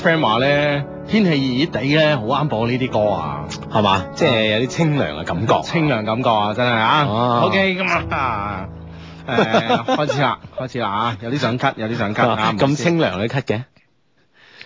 friend 話咧，天氣熱熱地咧，好啱播呢啲歌啊，係嘛吧？ 即係有啲清涼嘅感覺，清涼感覺啊，真係、OK，啊。OK，咁啊，誒， 開始啦，開始啦吓，有啲想咳，有啲想咳咁、 啊、清涼你咳嘅？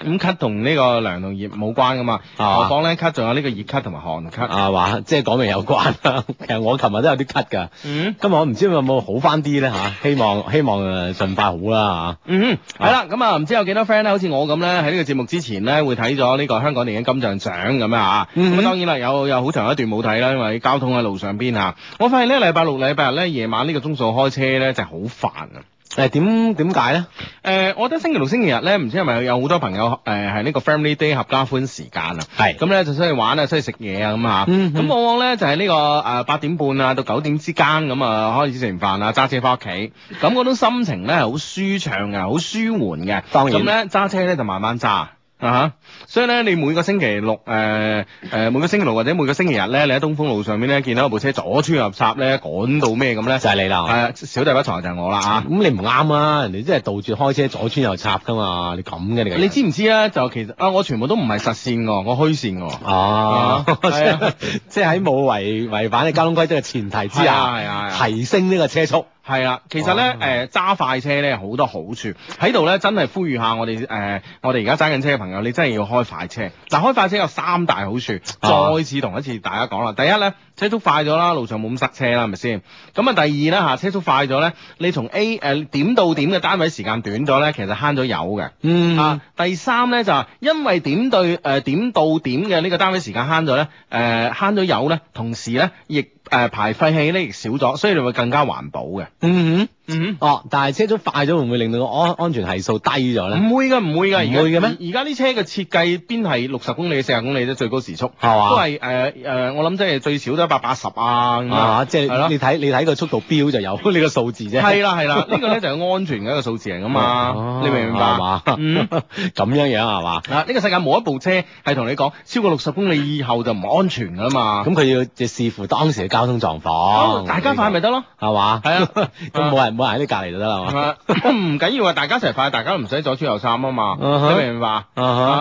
咁咳同呢個涼同熱冇關㗎嘛？啊、我講咧，咳仲有呢個熱咳同埋寒咳啊嘛，即係講明有關啦。 其實我琴日都有啲咳㗎，今日、嗯、我唔知有冇好翻啲咧嚇，希望希望誒順快好啦嚇。啊、嗯哼，係啦、啊，咁啊唔知有幾多 friend 咧，好似我咁咧，喺呢個節目之前咧會睇咗呢個香港電影金像獎咁樣啊。咁啊、嗯、哼當然啦，有有好長一段冇睇啦，因為交通喺路上邊啊。我發現咧禮拜六禮拜日咧夜晚呢個鐘數開車咧就係好煩啊。誒點點解咧？誒、呃，我覺得星期六、星期日咧，唔知係咪有好多朋友誒，係、呃、呢個 Family Day 合家歡時間、這個呃、時啊。係，咁咧就出去玩啊，出去食嘢啊，咁吓。嗯，咁往往咧就係呢個誒八點半啊到九點之間咁啊，開始食完飯啊，揸車返屋企。咁嗰種心情咧係好舒暢嘅，好舒緩嘅。當然咁咧，揸車咧就慢慢揸。啊所以咧，你每個星期六，誒、huh. 誒，每個星期六或者每個星期日咧，你喺、uh, right. like, 東風路上面咧，見到部車左穿右插咧，趕到咩咁咧？就係你啦，係啊，小弟不才就係我啦啊！咁你唔啱啊，人哋即係倒住開車左穿右插噶嘛，你咁嘅你，你知唔知啊？就其實啊，我全部都唔係實線喎，我虛線喎。即係喺冇違違反嘅交通規則嘅前提之下，係係 提升呢個車速。係啦，其實咧，誒、哦，揸、呃、快車咧好多好處，喺度咧真係呼籲下我哋，誒、呃，我哋而家揸緊車嘅朋友，你真係要開快車。嗱，開快車有三大好處，啊、再次同一次大家講啦，第一咧，車速快咗啦，路上冇咁塞車啦，係咪先？咁啊，第二咧吓，車速快咗咧，你從 A 誒、呃、點到點嘅單位時間短咗咧，其實慳咗油嘅。嗯啊，第三咧就係、因為點對誒、呃、點到點嘅呢個單位時間慳咗咧，誒慳咗油咧，同時咧亦。誒、呃、排廢氣咧亦少咗，所以你會更加環保嘅。嗯哼。嗯，哦，但係車速快咗會唔會令到個安安全係數低咗咧？唔會噶，唔會噶，唔會噶咩？而家啲車嘅設計邊係六十公里、四十公里啫，最高時速係嘛？都係誒誒，我諗即係最少都一百八十啊，即係你睇你睇個速度表就有呢個數字啫。係啦係啦，呢個咧就係安全嘅一個數字嚟噶嘛，你明唔明白嘛？咁樣樣係嘛？啊，呢個世界冇一部車係同你講超過六十公里以後就唔安全噶嘛？咁佢要要視乎當時嘅交通狀況，大家快咪得咯？係嘛？係啊，咁冇人。唔好喺啲隔籬就得啦嘛，唔緊要啊！大家一齊快，大家都唔使左穿右衫啊嘛，明唔明白？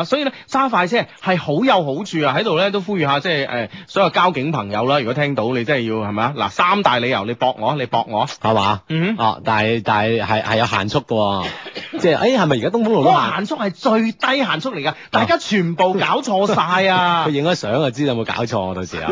所以咧揸快車係好有好處啊！喺度咧都呼籲下，即係誒，所有交警朋友啦，如果聽到你真係要，係咪啊？嗱，三大理由你駁我，你駁我，係嘛？嗯哼，哦，但係但係係係有限速嘅，即係誒，係咪而家東風路限速係最低限速嚟噶？大家全部搞錯晒啊！佢影咗相就知有冇搞錯，到時啊？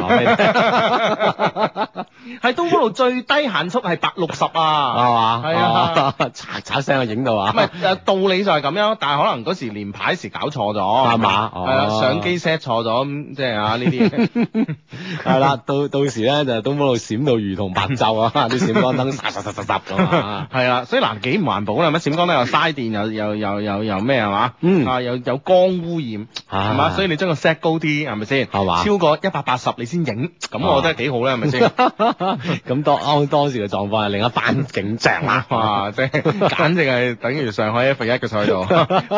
係東風路最低限速係百六十啊！係嘛？係啊，嚓嚓聲啊，影到啊！唔係誒，道理就係咁樣咯。但係可能嗰時連牌時搞錯咗係嘛？係啊，相機 set 錯咗咁，即係啊呢啲嘢係啦。到到時咧就都冇路閃到如同白晝啊！啲閃光燈沙沙沙沙沙咁啊！係啦，所以嗱幾唔環保啦，乜閃光燈又嘥電又又又又又咩係嘛？嗯啊，又有光污染係嘛？所以你將個 set 高啲係咪先係嘛？超過一百八十你先影，咁我覺得幾好啦，係咪先？咁當當時嘅狀況係另一番景。正啊！哇，即係，簡直係等於上海 F 一嘅賽道，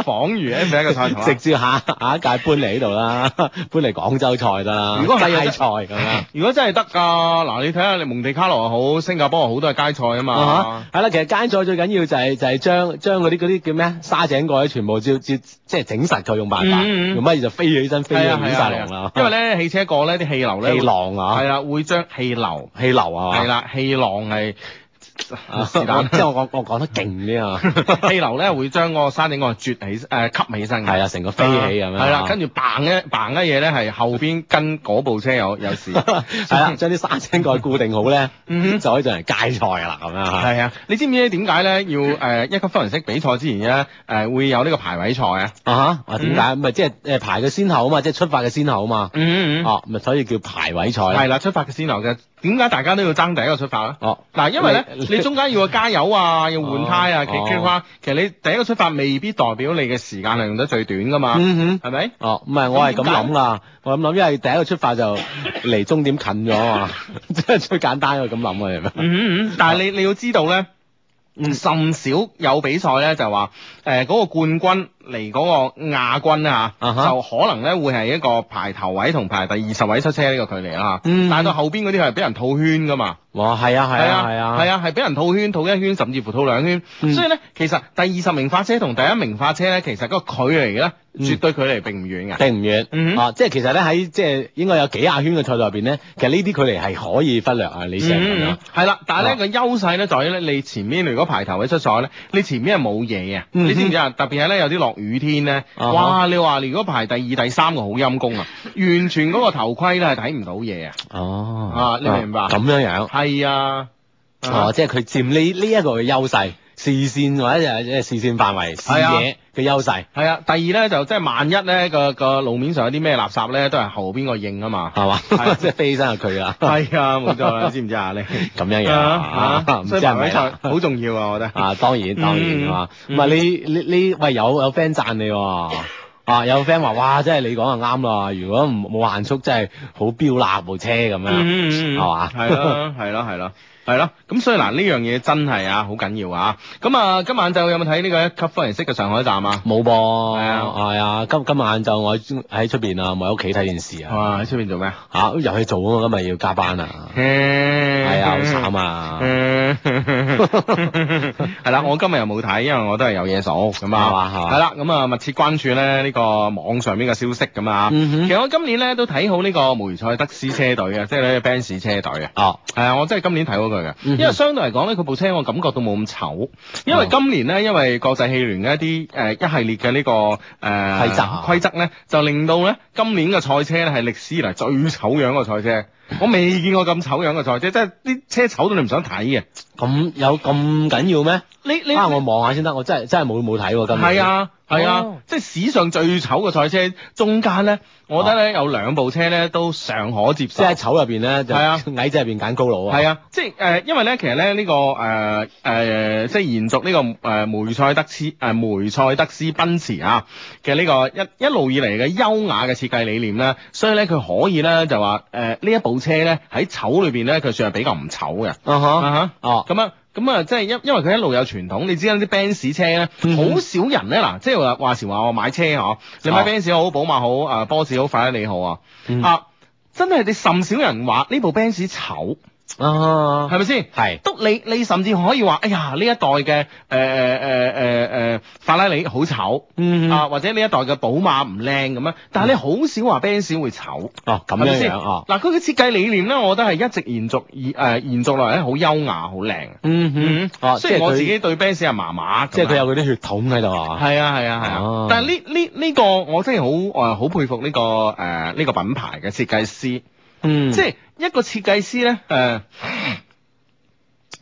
仿如 F 一嘅賽道，直接下下一屆搬嚟呢度啦，搬嚟廣州賽㗎啦。如果係街賽，如果真係得㗎，嗱你睇下你蒙地卡羅好，新加坡好，多係街賽啊嘛。係啦，其實街賽最緊要就係就係將將嗰啲啲叫咩沙井蓋全部照照即係整實佢，用辦法用乜嘢就飛起身飛起身，啦。因為咧汽車過咧啲氣流咧，氣浪啊，係啊，會將氣流氣流啊，係啦，氣浪係。啊！即係我講我講得勁啲啊！氣流咧會將個山頂嗰個撅起，誒吸起身嘅，係啊，成個飛起咁樣。係啦，跟住嘭一嘭一嘢咧，係後邊跟嗰部車有有事，係啦、 嗯，將啲沙井蓋固定好咧， 嗯、哼就可以進行街賽啦，咁啊吓。係啊，你知唔知點解咧要誒、呃、一級方程式比賽之前咧誒、呃、會有呢個排位賽啊，啊？啊啊，點解、嗯？咪即係誒排嘅先後啊嘛，即、就、係、是、出發嘅先後啊嘛。嗯嗯嗯。哦、啊，咪所以叫排位賽。係啦，出發嘅先後嘅。點解大家都要爭第一個出發咧？哦、啊，嗱，因為咧。 你中間要加油啊，要換胎啊，oh, oh. 其實你第一個出發未必代表你嘅時間係用得最短噶嘛，係咪、mm？哦、hmm，唔係、oh, 間我係咁諗啦，我咁諗，因為第一個出發就離終點近咗啊，即係 最簡單我咁諗啊，係咪？嗯嗯、mm hmm. 但係你你要知道咧，mm hmm. 甚少有比賽咧就話誒嗰個冠軍。嚟嗰個亞軍啊，就、uh huh. 可能咧會係一個排頭位同排第二十位出車呢個距離啊，嗯、但係到後邊嗰啲係俾人套圈噶嘛。哇，係啊，係啊，係啊，係啊，係俾、啊、人套圈套一圈，甚至乎套兩圈。嗯、所以咧，其實第二十名發車同第一名發車咧，其實嗰個距離咧，絕對距離並唔遠嘅，並唔遠。啊，即係其實咧喺即係應該有幾廿圈嘅賽道入邊咧，其實呢啲距離係可以忽略啊。李成文啊，係啦，但係咧個優勢咧在於咧你前面如果排頭位出賽咧，你前面係冇嘢啊，你知唔知啊？特別係咧有啲落。雨天咧，哇！哦、你話如果排第二、第三個好陰公啊， 完全嗰個頭盔咧係睇唔到嘢啊！哦，啊，你明白咁樣樣係啊，啊哦，啊、即係佢佔呢呢一個嘅優勢。視線或者就係視線範圍視野嘅優勢。係啊，第二咧就即係萬一咧個個路面上有啲咩垃圾咧，都係後邊個應啊嘛，係嘛？係即係飛身入佢啦。係啊，冇錯啦，知唔知啊你？咁樣樣啊，唔知係咪好重要啊，我覺得啊，當然當然啊嘛。唔係你你你喂有有 friend 讚你啊？有 friend 話哇，即係你講就啱啦。如果唔冇限速，即係好飆蠟部車咁樣，係嘛？係咯係咯係咯。係咯，咁所以嗱呢樣嘢真係啊，好緊要啊，咁啊，今晚就有冇睇呢個一級方程式嘅上海站啊？冇噃，係啊，係啊，今今晚晏晝我喺喺出邊啊，唔喺屋企睇電視啊，喺出邊做咩啊？遊戲做啊，今日要加班啊，係啊，好慘啊嘛，係啦，我今日又冇睇，因為我都係有嘢數咁啊嘛，係啦，咁啊密切關注咧呢個網上邊嘅消息咁啊，其實我今年咧都睇好呢個梅賽德斯車隊啊，即係呢個 Benz 車隊嘅，哦，係啊，我真係今年睇好。嗯、因為相對嚟講呢佢部車我感覺到冇咁醜。因為今年呢，因為國際汽聯嘅一啲誒、呃、一系列嘅呢、這個誒、呃、規則、規則呢，就令到呢今年嘅賽車呢係歷史嚟最醜樣嘅賽車。 我未見過咁醜樣嘅賽車，即係啲車醜到你唔想睇嘅。咁有咁緊要咩？你你、啊、我望下先得，我真係真係冇冇睇過喎。今年啊。係啊，即係史上最醜嘅賽車，中間呢，我覺得呢，啊、有兩部車呢，都尚可接受。即係醜入邊呢，就啊，就 矮仔入邊揀高佬啊！係啊、嗯，即係、呃、因為呢，其實呢，呢、呢個誒誒、呃呃，即係延續呢個誒梅賽德斯誒、呃、梅賽德斯奔馳啊嘅呢個一一路以嚟嘅優雅嘅設計理念呢，所以呢，佢可以呢，就話誒呢一部車呢，喺醜裏邊呢，佢算係比較唔醜嘅。嗯咁樣。啊啊啊咁啊，即係因因為佢一路有傳統，你知啦啲賓士車咧，好、嗯、少人咧嗱，即係話話時話我買車嗬，你買賓士好，寶、哦、馬好，誒、啊、波士好，法拉利好啊，嗯、啊，真係你甚少人話呢部賓士醜。啊，係咪先？係，都你你甚至可以話，哎呀呢一代嘅誒誒誒誒誒法拉利好醜，啊或者呢一代嘅寶馬唔靚咁樣，但係你好少話 Benz 會醜，哦咁樣先，哦嗱佢嘅設計理念咧，我覺得係一直延續而誒延續落嚟，好優雅，好靚，嗯哼，哦，雖然我自己對 Benz 係麻麻，即係佢有佢啲血統喺度啊，係啊係啊係啊，但係呢呢呢個我真係好我好佩服呢個誒呢個品牌嘅設計師。嗯， 即係一個設計師咧，誒，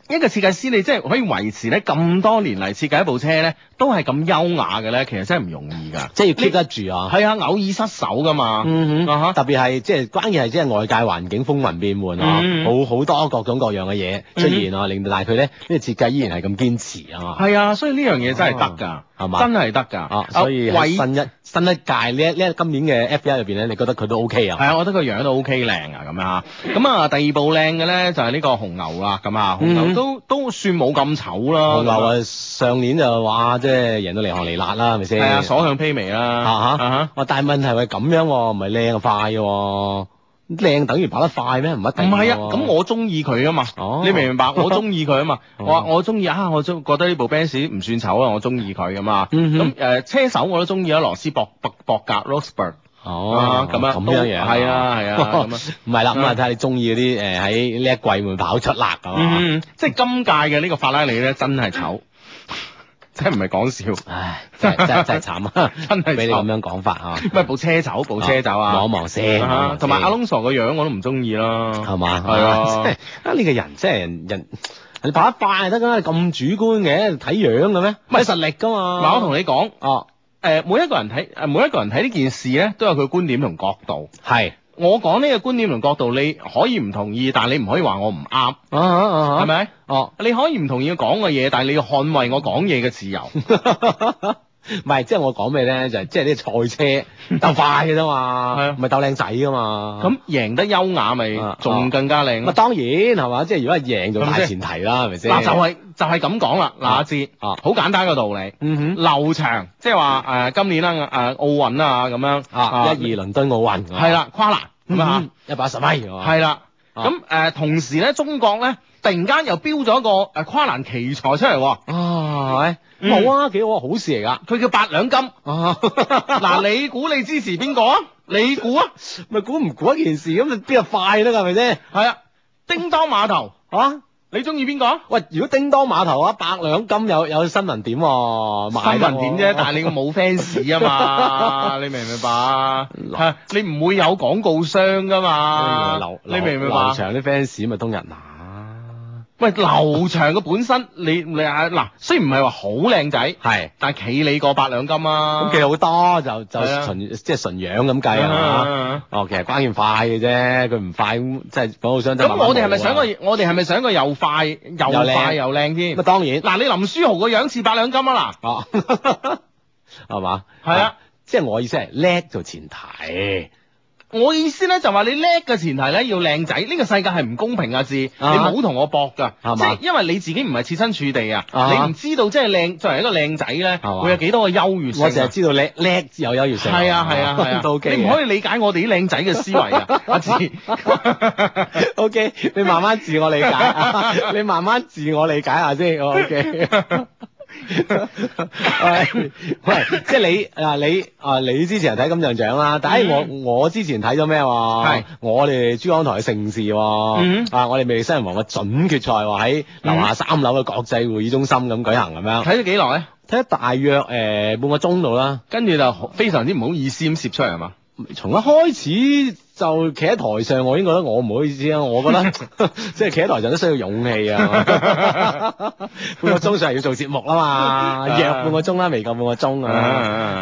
一個設計師，呃、設計師你即係可以維持咧咁多年嚟設計一部車咧。都係咁優雅嘅咧，其實真係唔容易㗎，即係要 keep 得住啊。係啊，偶爾失手㗎嘛。特別係即係關鍵係即係外界環境風雲變換啊，好好多各種各樣嘅嘢出現啊，令到但係佢咧呢個設計依然係咁堅持啊。係啊，所以呢樣嘢真係得㗎，係嘛，真係得㗎。所以喺新一新一屆呢今年嘅 F1 入邊咧，你覺得佢都 OK 啊？係啊，我覺得個樣都 OK 靚啊，咁樣。咁啊，第二部靚嘅咧就係呢個紅牛啦，咁啊，紅牛都都算冇咁醜啦。紅牛啊，上年就話即係人都嚟行嚟辣啦，係咪先？係啊，所向披靡啦！嚇嚇，哇！但係問題係咁樣喎，唔係靚就快嘅喎，靚等於跑得快咩？唔一定。唔係啊，咁我中意佢啊嘛，你明唔明白？我中意佢啊嘛，我我中意啊，我中覺得呢部 Benz 唔算醜啊，我中意佢㗎嘛。咁誒車手我都中意啊，羅斯博博格 （Rosberg）。哦，咁樣樣係啊係啊，唔係啦，咁啊睇下你中意嗰啲誒喺呢一季會跑出辣咁啊！即係今屆嘅呢個法拉利咧，真係醜。真唔係講笑，唉，真係真係真係慘啊！真係俾你咁樣講法啊，咪部車走部車走啊！望一望先，同埋阿龍傻個樣我都唔中意啦，係嘛？係啊，啊呢個人真係人，人你拍一塊得㗎，你咁主觀嘅睇樣㗎咩？唔係實力㗎嘛。嗱我同你講，哦，誒每一個人睇誒每一個人睇呢件事咧，都有佢觀點同角度係。我講呢個觀點同角度，你可以唔同意，但你唔可以話我唔啱，係咪？哦，你可以唔同意我講嘅嘢，但係你要捍衛我講嘢嘅自由。 唔係，即係我講咩咧？就係即係啲賽車鬥快嘅啫嘛，係咪鬥靚仔噶嘛？咁贏得優雅咪仲更加靚？咪當然係嘛，即係如果係贏咗大前提啦，係咪先？嗱，就係就係咁講啦，嗱，阿志，哦，好簡單嘅道理，嗯哼，劉翔，即係話誒，今年啦誒，奧運啦咁樣，啊，一二倫敦奧運係啦，跨欄，嗯哼，一百十米係嘛，係啦，咁誒，同時咧，中國咧。突然間又標咗個誒跨欄奇才出嚟，啊，冇啊，幾好好事嚟噶。佢叫八兩金，嗱，你估你支持邊個啊？你估啊？咪估唔估一件事咁？你邊日快咧？係咪先？係啊，叮當碼頭吓，你中意邊個啊？喂，如果叮當碼頭啊，八兩金有有新聞點？新聞點啫？但係你冇 fans 啊嘛？你明唔明白？吓，你唔會有廣告商噶嘛？你明唔明白？場啲 fans 咪通人拿。喂，劉翔嘅本身，你你啊，嗱，雖然唔係話好靚仔，係，但係企你個八兩金啊，咁計好多就就純即係純樣咁計係嘛，哦，其實關鍵快嘅啫，佢唔快即係廣告商就咁，我哋係咪想個？我哋係咪想個又快又靚又靚添？當然，嗱，你林書豪個樣似八兩金啊嗱，係嘛，係啊，即係我意思係叻做前提。我意思咧就話你叻嘅前提咧要靚仔，呢、這個世界係唔公平嘅字，啊、你冇同我搏噶，吧即係因為你自己唔係設身處地啊，你唔知道即係靚，作為一個靚仔咧會有幾多個優越性、啊。我成日知道叻、啊，叻又有優越性。係啊係啊，O、啊啊啊、你唔可以理解我哋啲靚仔嘅思維啊，我知、 啊。 o、okay, K，你慢慢自我理解啊， 你慢慢自我理解下先，O K。Okay. 喂， 喂即係你嗱 你啊，你之前睇金像獎啦，但係是我我之前睇咗咩喎？係我哋珠江台嘅盛事喎、啊，mm hmm. 啊，我哋《未來新人王》嘅準決賽喎，喺樓下三樓嘅國際會議中心咁舉行咁、mm hmm. 樣。睇咗幾耐？睇咗大約誒、呃、半個鐘度啦，跟住就非常之唔好意思咁攝出嚟係嘛？從一開始。就企喺台上，我已經覺得我唔好意思啦。我覺得即係企喺台上都需要勇氣啊。 半個鐘上嚟要做節目啦嘛，約、啊、 yeah. 半個鐘啦，未夠半個鐘啊。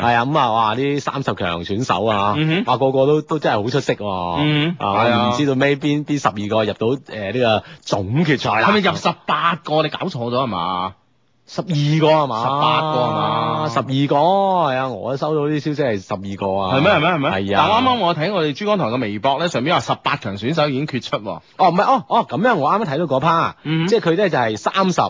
係啊 Yeah.、嗯，咁啊，哇！啲三十強選手啊，嚇，哇，個個都都真係好出色喎。啊，我唔知道尾邊邊十二個入到誒呢個總決賽啊？係咪入十八個？你搞錯咗係嘛？十二個係嘛？十八個係嘛？十二個係啊！我收到啲消息係十二個啊！係咩？係咩？係咩？係啊！但啱啱我睇我哋珠江台嘅微博咧，上面話十八強選手已經決出喎。哦。哦，唔、哦、係，哦哦咁樣我啱啱，我啱啱睇到嗰 part，啊，即係佢咧就係三十。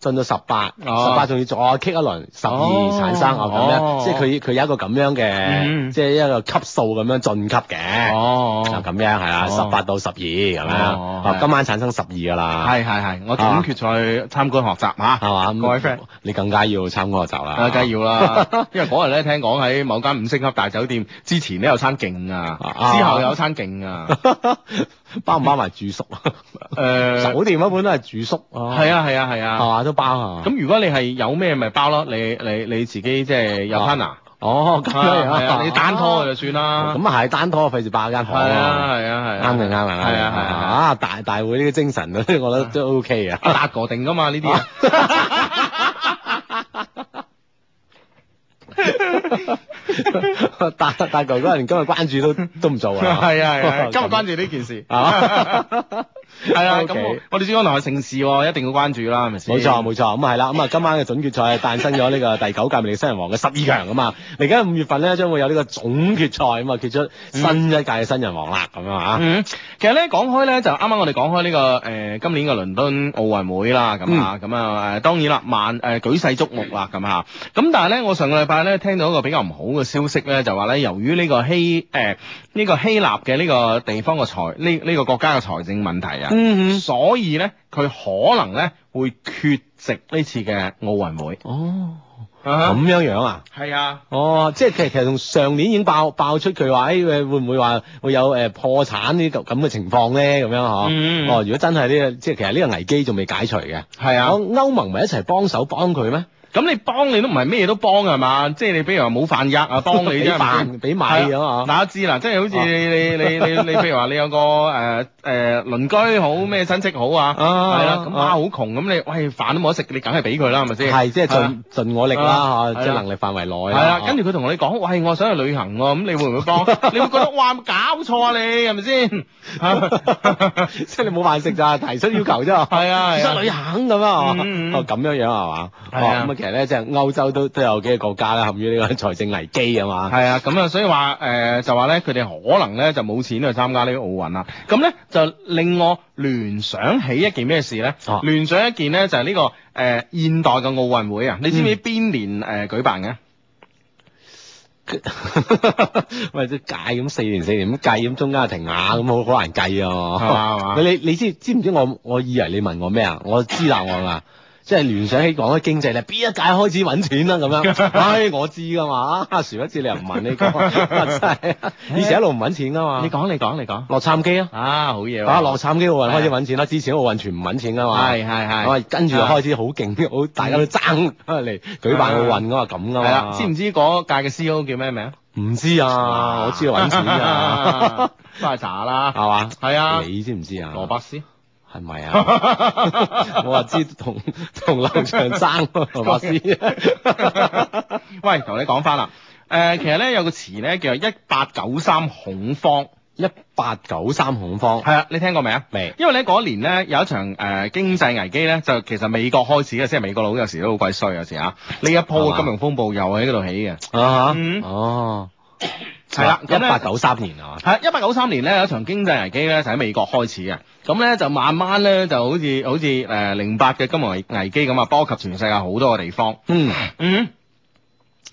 進到十八，十八仲要再 kick 一輪十二，產生哦，咁樣，即係佢佢有一個咁樣嘅，即係一個級數咁樣晉級嘅。哦，咁樣係啊，十八到十二咁樣。今晚產生十二噶啦。係係係，我總決賽去參觀學習吓，係嘛？各位 friend，你更加要參觀學習啦。梗係要啦，因為嗰日咧聽講喺某間五星級大酒店，之前呢有餐勁啊，之後有餐勁啊。包唔包埋住宿啊？誒，酒店一般都係住宿。係啊係啊係啊。係啊都包啊。咁如果你係有咩咪包咯，你你你自己即係有 partner。哦，咁樣啊，你單拖就算啦。咁啊係單拖費事霸間房。係啊係啊。啱嘅啱嘅啱嘅。係啊係啊。啊大大會呢個精神，我覺得都 OK 啊。八個定㗎嘛呢啲。 大大哥哥連今日關注都都唔做 啊！係啊係啊，今日、啊、關注呢件事啊 係啊，咁 Okay.、嗯、我哋珠江台嘅盛事、哦，一定要關注啦，係咪先？冇錯冇錯，咁啊係啦，咁啊、嗯、今晚嘅準決賽誕生咗呢個第九屆魅力新人王嘅十二強啊嘛，嚟、嗯、緊五月份咧將會有呢個總決賽啊嘛，嗯、決出新一屆嘅新人王啦，咁、嗯嗯這個呃、樣啊。其實咧講開咧，就啱啱我哋講開呢個誒今年嘅倫敦奧運會啦，咁啊咁啊誒當然啦，萬誒、呃、舉世矚目啦，咁啊咁但係咧，我上個禮拜咧聽到一個比較唔好嘅消息咧，就話咧由於呢個希誒呢個希臘嘅呢個地方嘅財呢呢個國家嘅財政問題啊。嗯，所以咧，佢可能咧會缺席呢次嘅奧運會。哦，咁樣、啊、樣啊？係啊，哦，即係其實其實從上年已經爆爆出佢話，誒、欸、會唔會話會有誒、呃、破產呢啲咁嘅情況咧？咁樣嗬？嗯、哦，如果真係呢個，即係其實呢個危機仲未解除嘅。係啊，歐盟咪一齊幫手幫佢咩？咁你幫你都唔係咩嘢都幫係嘛？即係你比如話冇飯㗎，啊，幫你啲飯俾米咁嘛，嗱，我知啦，即係好似你你你你你，譬如話你有個誒誒鄰居好咩親戚好啊，係咯，咁啊好窮，咁你喂飯都冇得食，你梗係俾佢啦，係咪先？係，即係盡盡我力啦，即係能力範圍內。係啦，跟住佢同你講，喂，我想去旅行喎，咁你會唔會幫？你會覺得哇，搞錯啊你係咪先？即係你冇飯食咋，提出要求咋嘛？係啊，想旅行咁啊，哦咁樣樣係嘛？係啊。其實咧，即係歐洲都都有幾個國家咧陷於呢個財政危機啊嘛。係啊，咁啊，所以話誒，就話咧，佢哋可能咧就冇錢去參加呢個奧運啦。咁咧就令我聯想起一件咩事咧？哦。聯想起一件咧，就係呢個誒現代嘅奧運會啊！你知唔知邊年誒舉辦嘅？喂，即係咁，四年四年咁計，咁中間就停下咁，我好難計啊。你，你知，知唔知？我，我以為你問我咩啊？我知答案啊。即係聯想起講嘅經濟咧，邊一屆開始揾錢啦？咁樣，唉，我知噶嘛？阿馮知你又唔問你講，以前一路唔揾錢噶嘛？你講，你講，你講，洛杉磯啊？啊，好嘢！啊，洛杉磯奧運開始揾錢啦，之前奧運全唔揾錢噶嘛？係係係，跟住就開始好勁，好大家都爭嚟舉辦奧運噶嘛？咁噶嘛？知唔知嗰屆嘅 CEO 叫咩名？唔知啊，我知道揾錢啊，花茶啦，係嘛？係啊，你知唔知啊？羅伯斯。係咪啊？ 我話知同同梁長生律師。 喂，同你講翻啦。誒、呃，其實咧有個詞咧叫一八九三恐慌。一八九三恐慌？係啊，你聽過未啊？未沒。因為咧嗰年咧有一場誒、呃、經濟危機咧，就其實美國開始嘅，即係美國佬有時都好鬼衰，有時吓。呢一波金融風暴又喺嗰度起嘅。啊。哦。係啦，一八九三年啊，係一八九三年咧，有一場經濟危機咧，就喺美國開始嘅，咁咧就慢慢咧就好似好似誒零八嘅金融危機咁啊，波及全世界好多個地方。嗯嗯。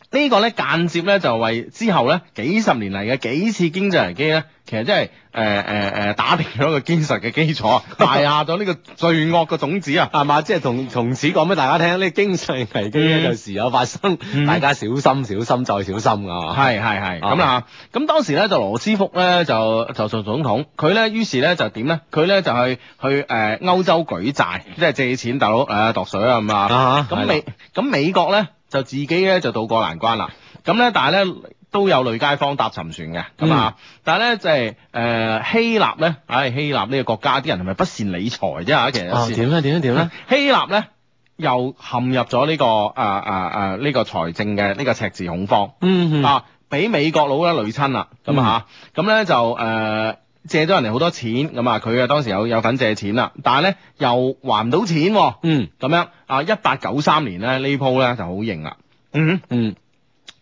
呢個咧間接咧就為之後咧幾十年嚟嘅幾次經濟危機咧，其實真係誒誒誒打定咗個堅實嘅基礎，埋下咗呢個罪惡嘅種子啊，係嘛？即係從從此講俾大家聽，呢、這個、經濟危機咧就時有發生，嗯、大家小心小心再小心啊。嘛。 係係係咁啦咁當時咧就羅斯福咧就就做總統，佢咧於是咧就點咧？佢咧就去去誒、呃、歐洲舉債，即係借錢鬥誒度水啊嘛。咁美咁美國咧？就自己咧就渡過難關啦，咁咧但係咧都有累街坊搭沉船嘅，咁啊、嗯，但係咧就係、是、誒、呃、希臘咧，唉、哎、希臘呢個國家啲人係咪不，不善理財啫啊？其實、哦、啊點咧點咧點咧，啊、希臘咧又陷入咗呢、這個、呃、啊啊啊呢、這個財政嘅呢、這個赤字恐慌，嗯，嗯啊俾美國佬咧累親啦，咁啊，咁咧、嗯嗯、就誒。呃借咗人哋好多錢，咁啊，佢啊當時有有份借錢啦，但係咧又還唔到錢，哦，嗯、mm.，咁樣啊，一八九三年咧呢鋪咧就好型啦，嗯嗯，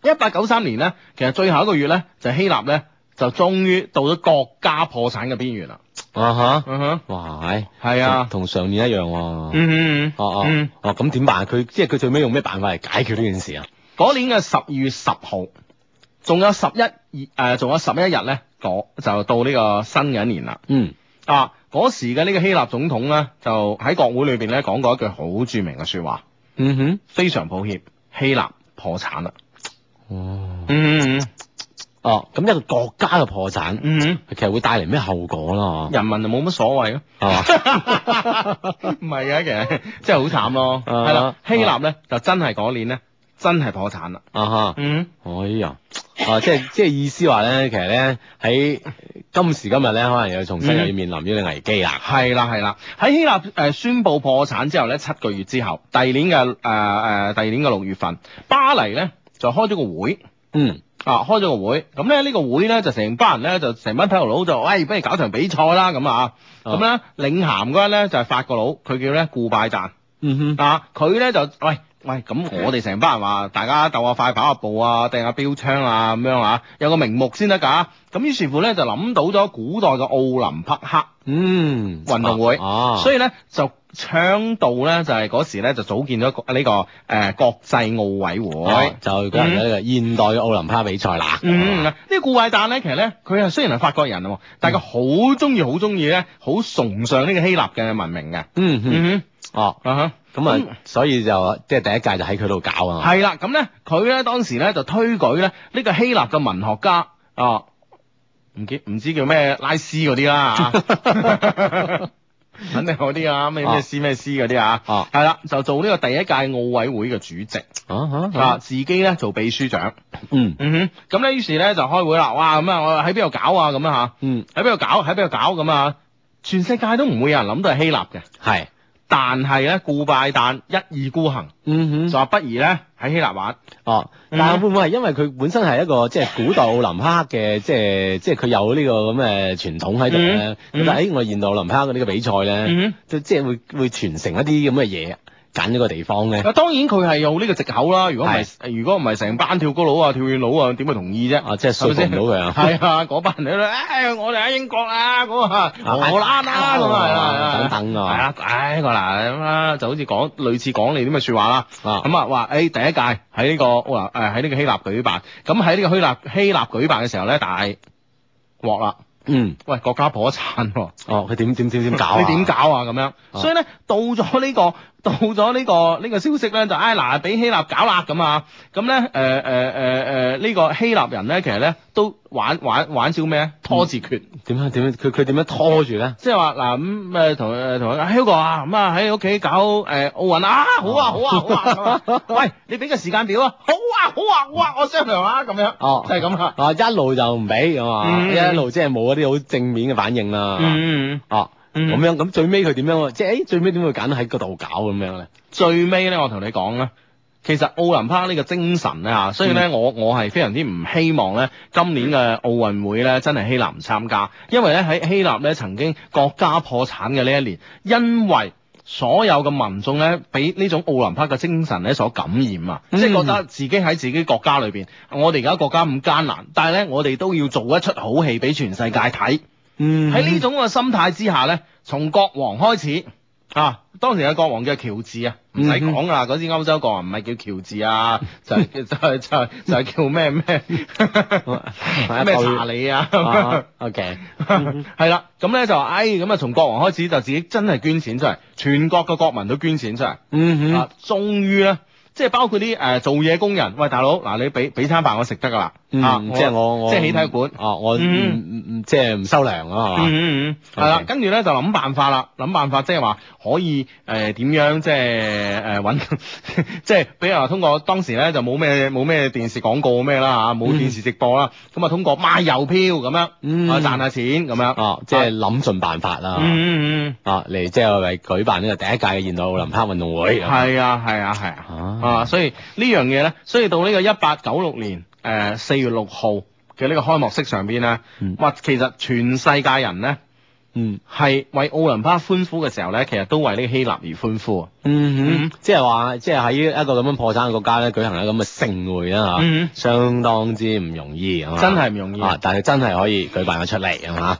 一八九三年咧，其實最後一個月咧就係、希臘咧就終於到咗國家破產嘅邊緣啦，啊吓、uh，嗯、huh. 吓、mm. IS Y，哇係，啊，同上年一樣，啊，嗯嗯、mm，哦、hmm. 哦，哦咁點辦？佢即係佢最尾用咩辦法嚟解決呢件事啊？嗰年嘅十二月十號，仲有十一日，誒仲有十一日咧。就到呢個新嘅一年啦。嗯，啊，嗰時嘅呢個希臘總統咧，就喺國會裏邊咧講過一句好著名嘅說話。嗯哼，非常抱歉，希臘破產啦。哦。嗯嗯嗯。哦、啊，咁一個國家嘅破產，嗯哼，其實會帶嚟咩後果啦？人民就冇乜所謂咯，係嘛、啊？唔係嘅，其實真係好慘咯。係啦，希臘咧就真係嗰年咧。真係破產啦！啊哈，嗯，哎呀，啊，即係即係意思話咧，其實咧喺今時今日咧，可能又重新又要面臨呢個危機啦。係啦係啦，喺、嗯、希臘誒宣布破產之後咧，七個月之後，第二年嘅誒誒第二年嘅六月份，巴黎咧就開咗個會，嗯，啊開咗個會，咁咧呢個會咧就成班人咧就成班體育佬就喂，不如搞場比賽啦咁啊，咁咧、嗯嗯嗯、領銜嗰一咧就係、是、法國佬，佢叫咧顧拜讚，嗯哼，嗯啊佢咧就喂。喂，咁我哋成班人話，大家鬥下快，跑下步啊，掟下標槍啊，咁樣啊，有個名目先得噶。咁於是乎咧，就諗到咗古代嘅奧林匹克，嗯，運動會，哦、嗯，啊、所以咧就倡導咧就係、是、嗰時咧就組建咗呢、這個誒、呃、國際奧委會，吧就舉行呢個現代嘅奧林匹克比賽啦。嗯，呢個顧拜旦咧，其實咧佢係雖然係法國人啊，但係佢好中意好中意咧，好崇尚呢個希臘嘅文明嘅。嗯嗯，哦，啊哈。咁啊，嗯、所以就即係第一屆就喺佢度搞啊。係啦，咁咧佢咧當時咧就推舉咧呢、呢個希臘嘅文學家啊，唔記唔知，知叫咩拉斯嗰啲啦，肯定嗰啲啊，咩咩斯咩斯嗰啲啊，係啦、啊啊，就做呢個第一屆奧委會嘅主席啊，啊，啊，自己咧做秘書長。嗯嗯哼，咁咧於是咧就開會啦，哇，咁啊，我喺邊度搞啊，咁樣吓，嗯，喺邊度搞，喺邊度搞咁啊，全世界都唔會有人諗到係希臘嘅，係的。但係咧，顧拜旦一意孤行，就話、嗯、哼不如咧喺希臘玩。哦，嗯、哼但會唔會係因為佢本身係一個即係、就是、古代奧林匹克嘅，即係即係佢有呢個咁嘅傳統喺度咧？咁、嗯、哼但喺、欸、我現代奧林匹克嘅呢個比賽咧，都即係會會傳承一啲咁嘅嘢。揀呢個地方咧，啊，當然佢係有呢個藉口啦。如果唔係，如果唔係成班跳高佬啊、跳遠佬啊，點會同意啫？啊，即係說服唔到佢啊。係啊，嗰班人咧，唉，我哋喺英國啊，咁啊，荷蘭啦，咁啊，等等啊。係啊，唉，嗱咁啊，就好似講類似講你啲咁嘅說話啦。咁啊，話唉，第一屆喺呢個話誒喺呢個希臘舉辦，咁喺呢個希臘希臘舉辦嘅時候咧，大獲啦。嗯，喂，國家破產喎。哦，佢點點點點搞啊？佢點搞啊？咁樣，所以咧，到咗呢個。到咗呢、這個呢、這個消息咧，就唉嗱，俾希臘搞啦咁啊！咁咧，誒誒誒誒，呢、呃呃這個希臘人咧，其實咧都玩玩玩少咩？拖字訣點樣點樣？佢佢點樣拖住咧？即係話嗱咁誒，同誒同阿 Hugo 啊咁啊，喺屋企搞誒、呃、奧運啊！好啊好啊好啊！喂，你俾個時間表啊！好啊好啊好啊，我商量啊咁樣哦，樣就係咁啊。哦，一路就唔俾咁啊，嗯、一路即係冇嗰啲好正面嘅反應啦。嗯嗯嗯。嗯嗯咁樣咁最尾佢點樣？即係誒，最尾點會揀喺嗰度搞咁樣咧？最尾咧，我同你講咧，其實奧林匹克呢個精神咧吓，所以咧、嗯、我我係非常之唔希望咧今年嘅奧運會咧真係希臘唔參加，因為咧喺希臘咧曾經國家破產嘅呢一年，因為所有嘅民眾咧俾呢種奧林匹克嘅精神咧所感染啊，嗯、即係覺得自己喺自己國家裏邊，我哋而家國家咁艱難，但係咧我哋都要做一出好戲俾全世界睇。嗯，喺呢種嘅心態之下咧，從國王開始啊，當時嘅國王叫喬治、嗯、哼治啊，唔使講噶啦，嗰啲歐洲國王唔係叫喬治啊，就叫就就就叫咩咩咩查理啊。O K，係啦，咁、okay、咧、嗯啊、就唉，咁啊從國王開始就自己真係捐錢出嚟，全國嘅國民都捐錢出嚟，嗯哼，終於咧，即係包括啲誒、呃、做嘢工人，喂大佬嗱、啊，你俾俾餐飯我食得噶啦。啊！即係我，即係起體育館啊！我唔唔即係唔收糧啊，係嘛？嗯嗯係啦。跟住咧就諗辦法啦，諗辦法，即係話可以誒，點樣即係誒，搵即係，比如話通過當時咧就冇咩冇咩電視廣告咩啦吓，冇電視直播啦，咁啊，通過賣郵票咁樣，啊賺下錢咁樣啊，即係諗盡辦法啦。嗯嗯啊嚟即係為舉辦呢個第一屆嘅現代奧林匹克運動會。係啊係啊係啊啊！所以呢樣嘢咧，所以到呢個一八九六年。誒，四、呃、月六號嘅呢個開幕式上邊咧，哇、嗯，其實全世界人咧，嗯，係為奧林匹克歡呼嘅時候咧，其實都為呢個希臘而歡呼，嗯哼，即係話，即係喺一個咁樣破產嘅國家咧，舉行一咁嘅盛會啊吓，嗯哼，相當之唔容易，係嘛？真係唔容易啊，但係真係可以舉辦咗出嚟啊嘛，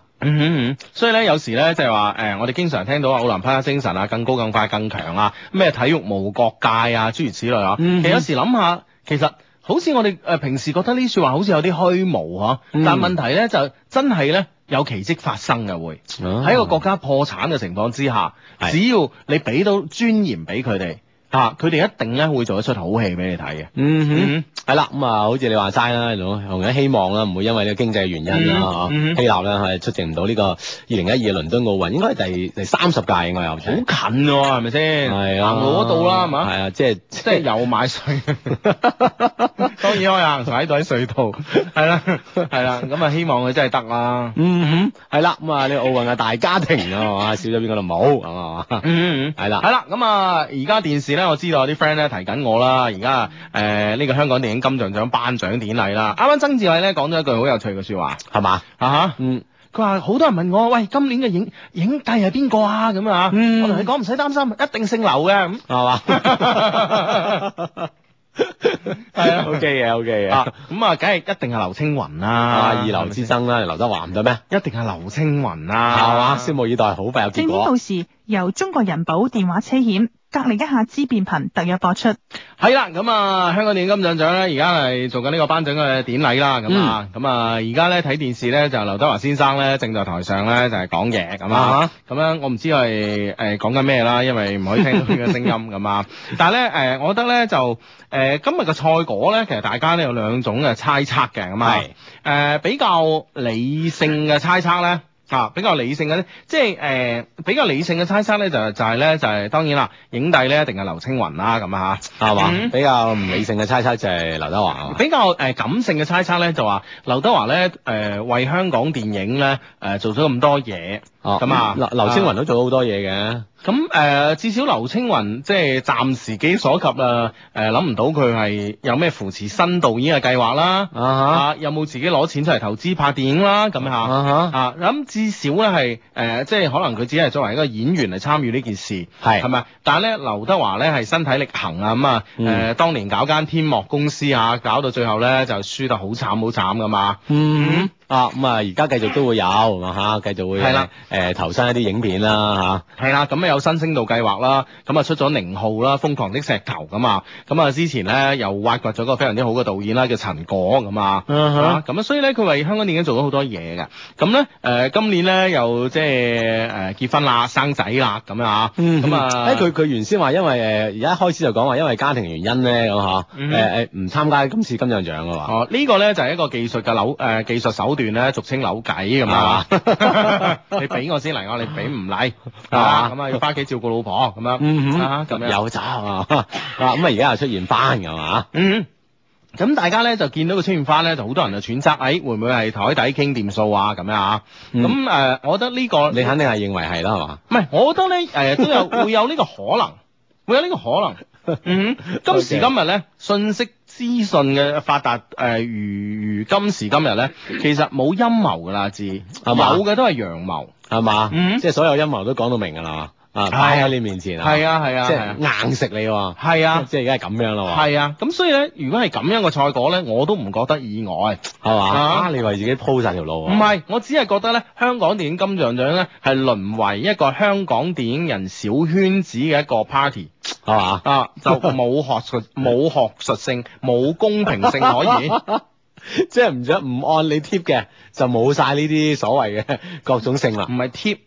所以咧，有時咧，即係話，誒、呃，我哋經常聽到話奧林匹克精神啊，更高、更快、更強啊，咩體育無國界啊，諸如此類啊，其實有時諗下，其實。好似我哋誒平時覺得呢說話好似有啲虛無吓，嗯、但問題咧就真係咧有奇蹟發生嘅會，喺、啊、一個國家破產嘅情況之下，的只要你俾到尊嚴俾佢哋。啊！佢哋一定咧會做一出好戲俾你睇嘅。嗯哼，係啦，咁啊，好似你話齋啦，同埋希望啦，唔會因為呢個經濟原因啦嚇，希臘咧係出席唔到呢個二零一二倫敦奧運，應該係第第三十屆應該有。好近喎，係咪先？係啊，行路嗰度啦，係嘛？係啊，即係即係有買水。當然我又行曬隊喺隧道。係啦，係啦，咁啊希望佢真係得啦。嗯哼，係啦，咁啊呢個奧運啊大家庭啊，少咗邊個都冇，係嘛？嗯嗯，係啦，係啦，咁啊而家電視咧。我知道有我啲 friend 咧提緊我啦，而家誒呢個香港電影金像獎頒獎典禮啦。啱啱曾志偉咧講咗一句好有趣嘅說話，係嘛啊吓？Uh huh. 嗯，佢話好多人問我，喂，今年嘅影影帝係邊個啊？咁啊吓？我同你講唔使擔心，一定姓劉嘅，係嘛？係啊，OK 嘅，OK 嘅。咁、uh, 嗯、啊，梗係一定係劉青雲啦，二流之爭啦、啊，劉德華唔得咩？一定係劉青雲啦、啊，係嘛？ 拭目以待，好快有結果。正點到時由中國人保電話車險。隔離一下，知變頻特約播出。係啦，咁、嗯、啊，香港電影金像獎咧，而家係做緊呢個頒獎嘅典禮啦。咁啊、嗯，咁啊、嗯，而家咧睇電視咧，就劉德華先生咧正在台上咧，就係講嘢咁啊。咁樣、嗯、我唔知係誒講緊咩啦，因為唔可以聽到佢嘅聲音咁啊。 但係咧誒，我覺得咧就誒今日嘅賽果咧，其實大家咧有兩種嘅猜測嘅咁啊。係誒、嗯嗯，比較理性嘅猜測咧。啊，比較理性嗰啲，即係誒、呃、比較理性嘅猜測咧，就就係、是、咧就係、是、當然啦，影帝咧一定係劉青雲啦咁、嗯、啊嚇，係嘛？比較唔理性嘅猜測就係劉德華、嗯、比較誒感性嘅猜測咧就話劉德華咧誒、呃、為香港電影咧誒、呃、做咗咁多嘢。哦，咁啊，劉劉青雲都做咗好多嘢嘅。咁誒，至少劉青雲即係暫時幾所及啊，誒，諗唔到佢係有咩扶持新導演嘅計劃啦。啊，哈啊有冇自己攞錢出嚟投資拍電影啦？咁吓。啊咁、啊哈啊、至少咧係誒，即係可能佢只係作為一個演員嚟參與呢件事。係是，係咪？但係咧，劉德華咧係身體力行啊，咁啊，誒、嗯，當年搞間天幕公司啊，搞到最後咧就輸得好慘好慘噶嘛。嗯。啊咁啊，而家繼續都會有係嘛？嚇，繼續會係啦，誒投身一啲影片啦嚇。係啦的，咁啊有新星度計劃啦，咁啊出咗寧浩啦，瘋狂的石頭咁啊，咁啊之前咧又挖掘咗一個非常之好嘅導演啦，叫陳果咁啊，咁啊所以咧佢為香港電影做咗好多嘢嘅。咁咧誒今年咧又即係誒結婚啦，生仔啦咁樣啊。咁啊誒佢佢原先話因為誒而家開始就講話因為家庭原因咧咁嚇誒誒唔參加今次金像獎嘅話。哦，呢個咧就係一個技術嘅樓誒技術手。段咧，俗稱扭計咁嘛！ 你俾我先嚟，我你俾唔嚟啊？咁啊，要翻屋企照顧老婆咁樣，嗯哼、嗯，咁樣有咋啊？差啊，咁 啊，而家又出現翻嘅嘛？嗯，咁大家咧就見到個出現翻咧，就好多人就揣測，誒、哎、會唔會係台底傾掂數啊？咁樣啊？咁誒、嗯呃，我覺得呢、這個你肯定係認為係啦，係嘛？唔係，我覺得咧誒都有會有呢個可能， 會有呢個可能。嗯，今時今日咧，信息。資訊嘅發達誒、呃，如如今時今日咧，其實冇陰謀㗎啦，知係嘛？有嘅都係陽謀，係嘛吧？嗯、mm，hmm. 即係所有陰謀都講到明㗎啦。啊！喺你面前啊！係啊係啊，即係硬食你喎！係啊，即係而家係咁樣咯！係啊，咁、啊、所以咧，如果係咁樣嘅賽果咧，我都唔覺得意外，係嘛吧？啊、你為自己鋪晒條路啊！唔係，我只係覺得咧，香港電影金像獎咧係淪為一個香港電影人小圈子嘅一個 party，係嘛吧？啊，就冇學術、冇 學術性、冇公平性可以，即係唔着唔按你貼嘅，就冇晒呢啲所謂嘅各種性啦。唔係貼。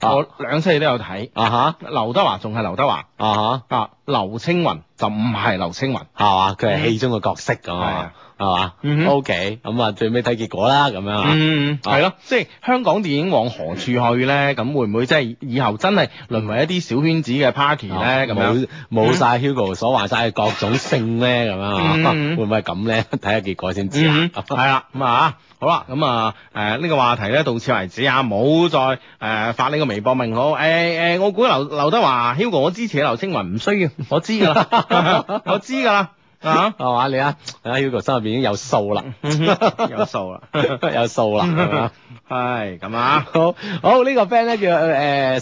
我兩世都有睇，啊吓，劉德華仲係劉德華。啊吓啊，劉青雲就唔係劉青雲，係嘛？佢係戲中嘅角色咁啊。嗯係嘛？OK，咁啊，最尾睇結果啦，咁樣啊，嗯，係咯，即係香港電影往何處去咧？咁會唔會即係以後真係淪為一啲小圈子嘅 party 咧？咁冇冇晒 Hugo 所話晒嘅各種性咧？咁樣啊，會唔會係咁咧？睇下結果先知啊。係啦，咁啊，好啦，咁啊，誒，呢個話題咧，到此為止啊，冇再誒發呢個微博命好。誒誒，我估劉劉德華 Hugo，我支持劉青雲，唔需要，我知噶啦，我知噶啦。吓，我你噠、哎、啊！阿 Hugo 心入邊已經有數啦，有數啦，有數啦，係嘛？係、呃、咁 啊，好好呢個 friend 咧叫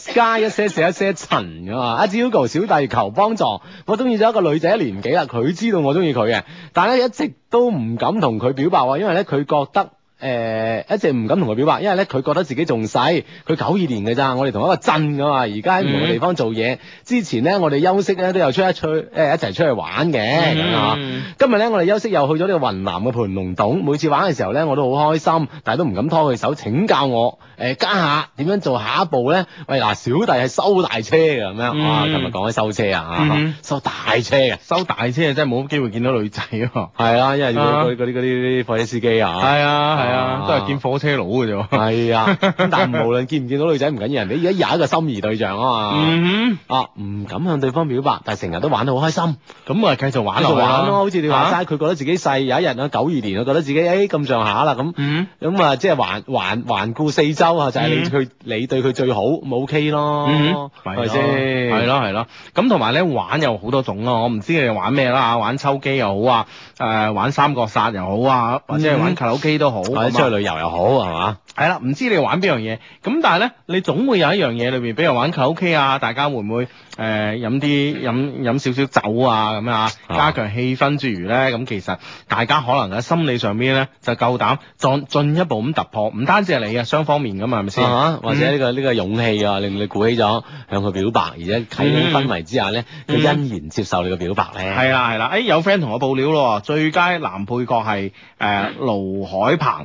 誒加一些事一些情噶嘛，阿 Hugo 小弟求幫助，我中意咗一個女仔一年幾啦，佢知道我中意佢嘅，但係咧一直都唔敢同佢表白啊，因為咧佢覺得。誒、呃、一直唔敢同佢表白，因為咧佢覺得自己仲細，佢九二年嘅咋，我哋同一個鎮㗎嘛。而家喺唔同嘅地方做嘢，之前咧我哋休息咧都有出一出誒、呃、一齊出去玩嘅咁、mm hmm. 啊。今日咧我哋休息又去咗呢個雲南嘅盤龍洞，每次玩嘅時候咧我都好開心，但係都唔敢拖佢手，請教我誒家下點樣做下一步咧？喂嗱、啊，小弟係收大車嘅咁樣，mm hmm. 哇！琴日講緊收車啊、mm hmm. 收車，收大車嘅，收大車啊真係冇機會見到女仔喎。係啊，因為嗰嗰啲啲啲貨車司機啊，係 啊係。都係見火車佬嘅啫。係啊，但係無論見唔見到女仔唔緊要，人哋而家有一個心儀對象啊嘛。嗯哼。啊，唔敢向對方表白，但係成日都玩得好開心。咁啊，繼續玩落去咯。好似你話齋，佢覺得自己細，有一日啊，九二年啊，覺得自己誒咁上下啦咁。嗯。咁啊，即係環環環顧四周啊，就係你佢你對佢最好，咪 ok。咯。嗯哼。係咪先？係咯係咯。咁同埋咧玩又好多種啊！我唔知你哋玩咩啦吓，玩抽機又好啊，誒玩三國殺又好啊，或者係玩卡拉 OK 都好。或者出去旅遊又好，係嘛？係啦，唔知你玩邊樣嘢，咁但係咧，你總會有一樣嘢裏邊，比如玩佢 OK 啊，大家會唔會誒飲啲飲飲少少酒啊咁啊，加強氣氛之餘咧，咁其實大家可能喺心理上面咧就夠膽再進一步咁突破，唔單止係你嘅雙方面噶嘛，係咪先？啊，或者呢、呢個呢、嗯、個勇氣啊，令你鼓起咗向佢表白，而且喺氛圍之下咧，佢、嗯、欣然接受你嘅表白咧。係啦係啦，誒有 friend 同我報料咯，最佳男配角係誒盧海鵬，係、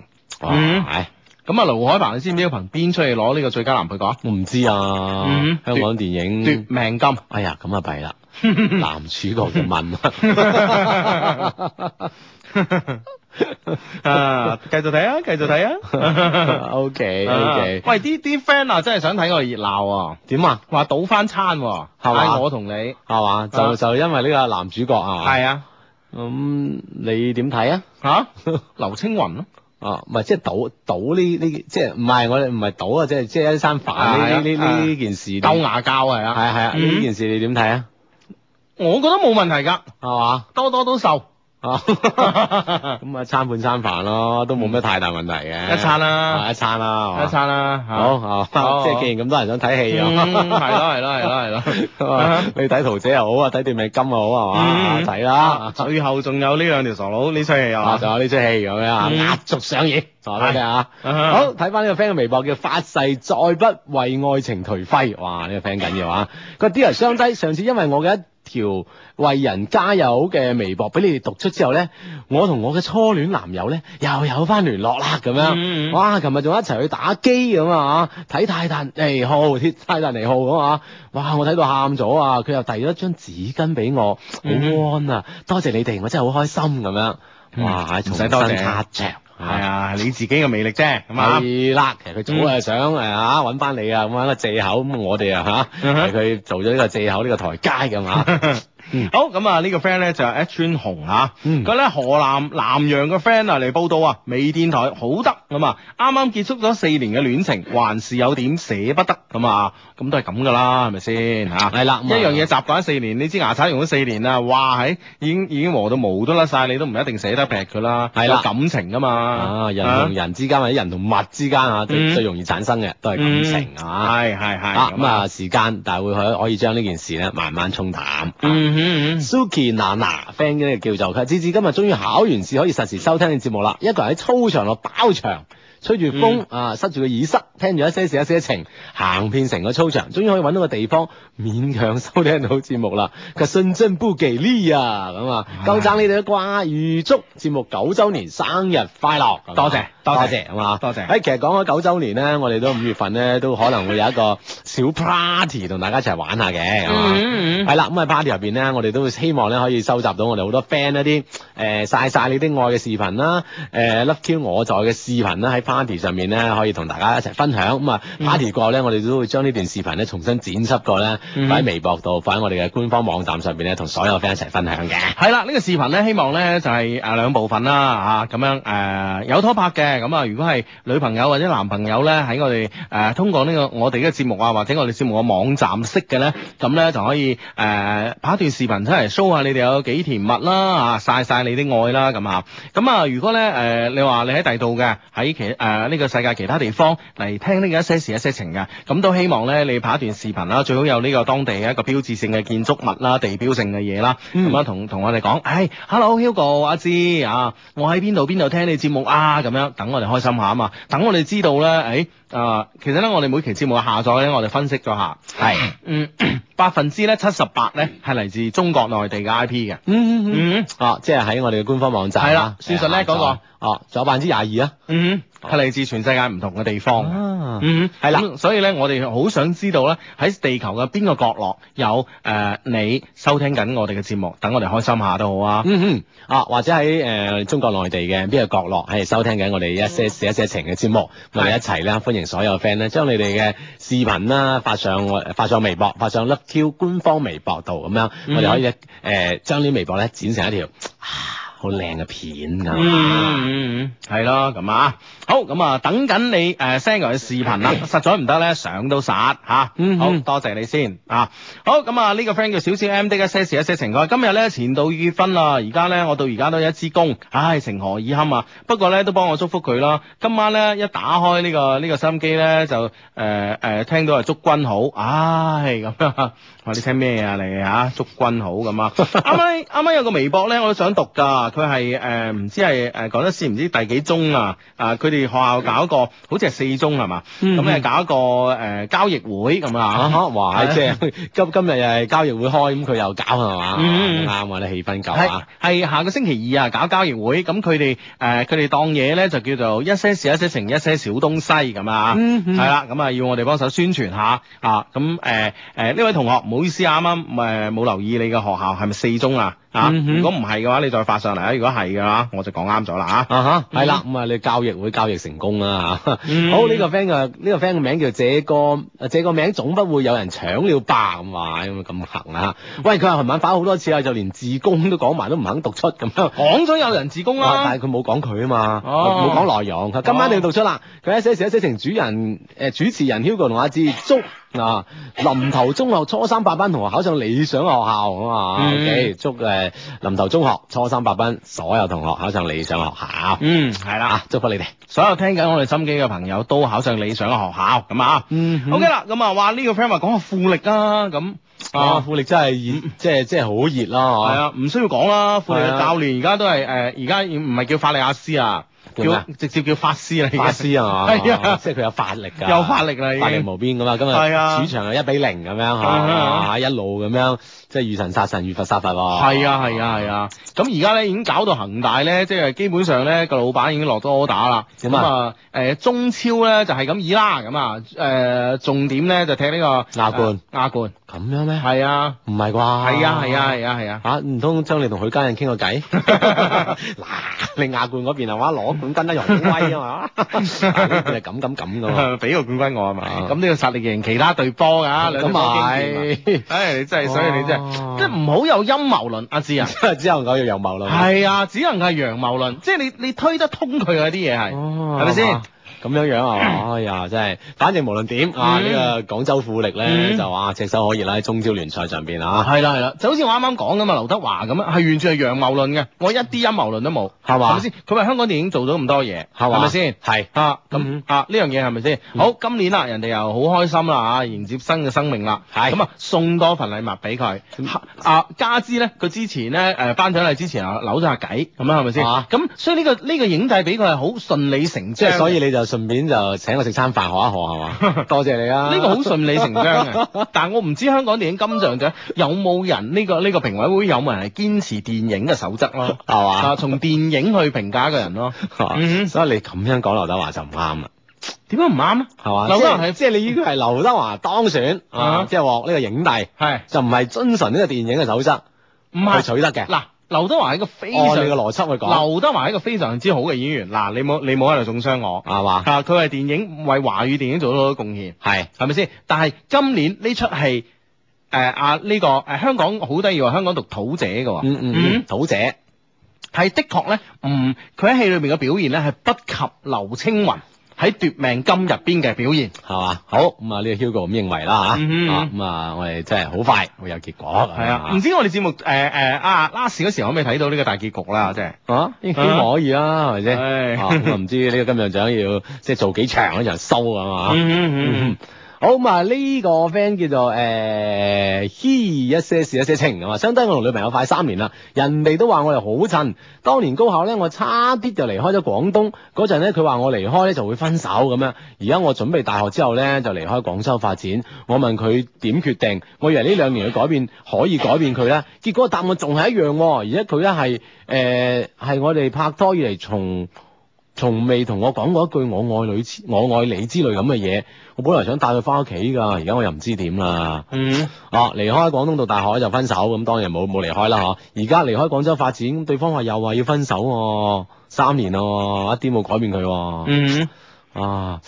嗯。啊咁啊，盧海鵬，你知唔知彭邊出去攞呢個最佳男配角？啊？我唔知啊，香港電影奪命金。哎呀，咁啊弊啦，男主角就問啊。啊，繼續睇啊，繼續睇啊。O K，O K。喂，啲啲 friend 啊，真係想睇個熱鬧啊。點啊？話倒翻餐係咪我同你係嘛？就就因為呢個男主角啊。嘛？係啊。咁你點睇啊？吓，劉青雲咯。哦，唔係即係賭賭呢呢，即係唔係我哋，唔係賭啊，即係即係一山反呢呢呢件事，鬥牙較係啊，係係啊，呢、啊嗯、件事你點睇啊？我覺得冇問題㗎，係嘛吧，多多都受。咁啊，餐半餐飯咯，都冇咩太大問題嘅，一餐啦，一餐啦，一餐啦，好即係既然咁多人想睇戲咁，係咯係咯係咯係咯，你睇桃姐又好啊，睇奪命金又好啊嘛，仔啦，最後仲有呢兩條傻佬呢出戲又，仲有呢出戲咁樣啊，壓軸上演，睇下，好睇翻呢個 friend 嘅微博叫發誓再不為愛情頹廢，哇呢個 friend 緊要話，個 d i 低，上次因為我嘅一。條為人加油嘅微博俾你哋讀出之後咧，我同我嘅初戀男友咧又有翻聯絡啦，咁樣，嗯、哇！琴日仲一齊去打機咁啊，睇泰坦尼號，泰坦尼號咁啊，哇！我睇到喊咗啊，佢又遞咗一張紙巾俾我，好、嗯、安啊，多謝你哋，我真係好開心咁樣，嗯、哇！仲使多謝。係啊，你自己嘅魅力啫，咁 啊，係啦。其實佢早係想誒嚇揾翻你啊，咁揾個借口。咁我哋啊吓，為佢做咗呢個借口，呢個台階咁啊。好咁啊！呢個 friend 咧就係一穿紅嚇，咁咧河南南陽嘅 friend 啊嚟報道啊，微電台好得咁啊！啱啱結束咗四年嘅戀情，還是有點捨不得咁啊！咁都係咁噶啦，係咪先嚇？係啦，一樣嘢習慣咗四年，你支牙刷用咗四年啦，哇！唉，已經已經磨到毛都甩晒，你都唔一定捨得劈佢啦。係啦，感情㗎嘛，啊人同人之間或者人同物之間啊，最最容易產生嘅都係感情啊！係係係啊！咁啊，時間但係會可以將呢件事咧慢慢沖淡。嗯嗯，Suki 娜娜 friend 咧叫做佢，之之今日終於考完試，可以實時收聽啲節目啦，一個人喺操場度包場。吹住風啊、呃，塞住個耳塞，聽住一些事一些情，行遍成個操場，終於可以揾到個地方，勉強收聽到節目啦。個信真不給力啊咁啊，夠讚、哎、你哋啲瓜預祝節目九周年生日快樂，多謝多多謝，係嘛？多謝。喺其實講開九周年咧，我哋都五月份咧都可能會有一個小 party 同大家一齊玩一下嘅。係啦，咁喺 party 入邊咧，我哋都會希望咧可以收集到我哋好多 friend 一啲誒、呃、曬曬你啲愛嘅、呃呃呃、視頻啦，誒 love you 我在嘅視頻啦，喺。Party 上面咧，可以同大家一齊分享。咁啊 Party 過咧，我哋都會將呢段視頻咧重新剪輯過咧，擺喺微博度，擺喺我哋嘅官方網站上面咧，同所有 friend 一齊分享嘅。係啦，呢個視頻咧，希望咧就係啊兩部分啦嚇，咁樣誒有拖拍嘅。咁啊，如果係女朋友或者男朋友咧喺我哋誒通過呢個我哋嘅節目啊，或者我哋節目嘅網站識嘅咧，咁咧就可以誒拍一段視頻出嚟 show 下你哋有幾甜蜜啦嚇，曬曬你啲愛啦咁嚇。咁啊，如果咧誒你話你喺第度嘅喺其誒、呢、啊這個世界其他地方嚟聽呢個一些事一些情嘅，咁都希望咧你拍一段視頻啦，最好有呢個當地一個標誌性嘅建築物啦、地標性嘅嘢啦，咁樣啊、嗯、同同我哋講，誒、哎、，Hello Hugo 阿、啊、芝啊，我喺邊度邊度聽你節目啊，咁樣等我哋開心下啊嘛，等我哋知道咧，誒、哎，啊、呃，其實咧我哋每期節目嘅下載咧，我哋分析咗下，係、嗯，嗯，百分之咧七十八咧係嚟自中國內地嘅 I P 嘅，嗯嗯嗯，哦、啊，即係喺我哋嘅官方網站，係啦、啊，算實咧嗰個，仲有百分之廿二啊、哦哦哦哦哦哦哦，嗯。嗯係嚟自全世界唔同嘅地方，啊、嗯，係、嗯、啦，所以咧，我哋好想知道咧，喺地球嘅邊個角落有誒、呃、你收聽緊我哋嘅節目，等我哋開心下都好啊，嗯嗯，啊，或者喺誒、呃、中國內地嘅邊個角落係收聽緊我哋一些事一些情嘅節目，嗯、我哋一齊啦。歡迎所有 friend 咧將你哋嘅視頻啦發上我發上微博，發上 LoveQ 官方微博度咁樣，嗯、哼我哋可以誒將啲微博咧剪成一條。好靚嘅片，咁，嗯嗯嗯，係咯咁啊，好咁啊，等緊你誒 send 嚟嘅視頻啦，實在唔得咧，上到殺吓，嗯，好多謝你先啊，好咁啊，呢個 friend 叫小小 M 的嘅一些事一些情，今日咧前度已婚啦，而家咧我到而家都有一支公，唉，情何以堪啊？不過咧都幫我祝福佢啦，今晚咧一打開呢個呢個收音機咧就誒誒聽到係祝君好，唉咁樣你哋聽咩啊？你嚇祝君好咁啊！啱啱啱啱有個微博咧，我都想讀㗎。佢係誒唔知係誒講得先，唔知第幾中啊？啊！佢哋學校搞一個好似係四中係嘛？咁誒搞一個誒交易會咁啊！哇！即係今今日又係交易會開，咁佢又搞係嘛？啱啊！啲氣氛夠啊！係下個星期二啊，搞交易會。咁佢哋誒佢哋當嘢咧就叫做一些事、一些情、一些小東西咁啊！係啦，咁啊要我哋幫手宣傳下啊！咁誒誒呢位同學冇。唔好意思，啱啱冇、啊、留意你嘅學校係咪四中啊？啊、mm，hmm. 如果唔係嘅話，你再發上嚟啊！如果係嘅話，我就講啱咗啦啊！啊係啦，咁、huh. 啊、mm hmm.，你教育會交易成功啦吓！Mm hmm. 好，呢、這個 friend 啊，呢個 friend 嘅名叫借個借個名，總不會有人搶了吧，咁話咁行啊？喂，佢話琴晚發好多次啊，就連字公都講埋都唔肯讀出咁樣，講咗有人字公啊，但係佢冇講佢啊嘛，冇講內容。佢今晚你要讀出啦，佢、oh. 一些事一些情主人誒、呃、主持人 Hugo 同阿志祝。嗱，林、啊、頭中學初三八班同學考上理想學校，我話，O K，祝誒林頭中學初三八班所有同學考上理想學校。嗯，係啦，吓、啊，祝福你哋，所有聽緊我哋心機嘅朋友都考上理想嘅學校，咁啊，嗯，O K 啦，咁、嗯 okay，嗯、啊，哇，呢個 friend 話講啊富力啊，咁啊，富、啊、力真係熱、嗯，即係即係好熱啦，係啊，唔需要講啦，富力嘅教練而家都係誒，而家唔係叫法利亞斯啊？叫直接叫法師啦，法師啊嘛，係啊，即係佢有法力噶、啊， 有法力啦，經法力無邊咁啊！今日主場係一比零咁樣嚇，吓 一路咁樣。即係遇神殺神，遇佛殺佛喎。係啊，係啊，係啊。咁而家咧，已經搞到恒大咧，即係基本上咧個老闆已經落咗 order 打啦。咁啊，誒，中超咧就係咁以啦。咁啊，誒，重點咧就踢呢個亞冠。亞冠咁樣咩？係啊，唔係啩？係啊，係啊，係啊，係啊。吓，唔通將你同許家印傾個偈？嗱，你亞冠嗰邊係嘛，攞冠軍啦又點威啊嘛？呢個係敢敢敢到，俾個冠軍我啊嘛？咁呢個實力贏，其他隊波啊？咁唔係，唉，真係，所以你真係。即係唔好有陰謀論，阿志啊，只能夠有謀、啊、陽謀論。係啊，只能係陽謀論，即係你你推得通佢嗰啲嘢係，係咪先？咁樣樣啊！哎呀，真係，反正無論點啊，呢個廣州富力咧就話炙手可熱啦喺中超聯賽上邊啊，係啦係啦，就好似我啱啱講嘅嘛，劉德華咁樣，係完全係陽謀論嘅，我一啲陰謀論都冇，係嘛？係咪先？佢咪香港電影做到咁多嘢，係嘛？係咪先？係啊，咁啊呢樣嘢係咪先？好，今年啦，人哋又好開心啦啊，迎接新嘅生命啦，係咁啊，送多份禮物俾佢啊，加之咧佢之前咧誒頒獎禮之前啊扭咗下計，咁樣係咪先？啊，咁所以呢個呢個影帝俾佢係好順理成章，所以你就。順便就請我食餐飯，學一學係嘛？多謝你啊！呢個好順理成章嘅，但係我唔知香港電影金像獎有冇人呢個呢個評委會有冇人係堅持電影嘅守則咯，係嘛？啊，從電影去評價嘅人咯。嗯，所以你咁樣講劉德華就唔啱啦。點解唔啱啊？係嘛？即係即係你依家係劉德華當選啊，即係獲呢個影帝，係就唔係遵循呢個電影嘅守則，唔係取得嘅嗱。劉德華係一個非常，哦你個邏輯去講，劉德華係一個非常之好嘅演員，嗱你冇你冇喺度中傷我，係嘛吧？啊佢係電影為華語電影做咗好多貢獻，係係咪先？但係今年呢出戲，誒、呃、啊呢、這個誒、啊、香港好得意喎，香港讀土姐嘅，嗯，嗯嗯，土姐係的確咧唔佢喺戲裏邊嘅表現咧係不及劉青雲。喺奪命金入邊嘅表現，係嘛吧？好咁啊，呢、嗯呢個 Hugo 咁認為啦，吓咁啊，我哋真係好快會有結果。係啊，唔吧知我哋節目誒誒、呃、啊，啊 last 嗰時可唔可以睇到呢個大結局啦、嗯啊，即係啊，應該可以啦，係咪先？啊，唔知呢個金像獎要即係做幾長一人收啊嘛？好嘛，呢、這個 friend 叫做誒、呃，一些事一些情咁嘛，相當我同女朋友快三年啦，人哋都話我哋好襯。當年高考呢，我差啲就離開咗廣東嗰陣呢，佢話我離開呢就會分手咁樣。而家我準備大學之後呢，就離開廣州發展，我問佢點決定，我以為呢兩年嘅改變可以改變佢呢，結果答案仲係一樣、哦。而家佢呢係誒係我哋拍拖以嚟從從未同我講過一句我愛女、我愛你之類咁嘅嘢。我本來想帶佢返屋企㗎，而家我又唔知點啦。嗯、mm，hmm. 啊，離開廣東讀大學就分手，咁當然冇冇離開啦。嗬、啊，而家離開廣州發展，對方話又話要分手、啊，三年咯，一啲冇改變佢。嗯啊。Mm hmm. 啊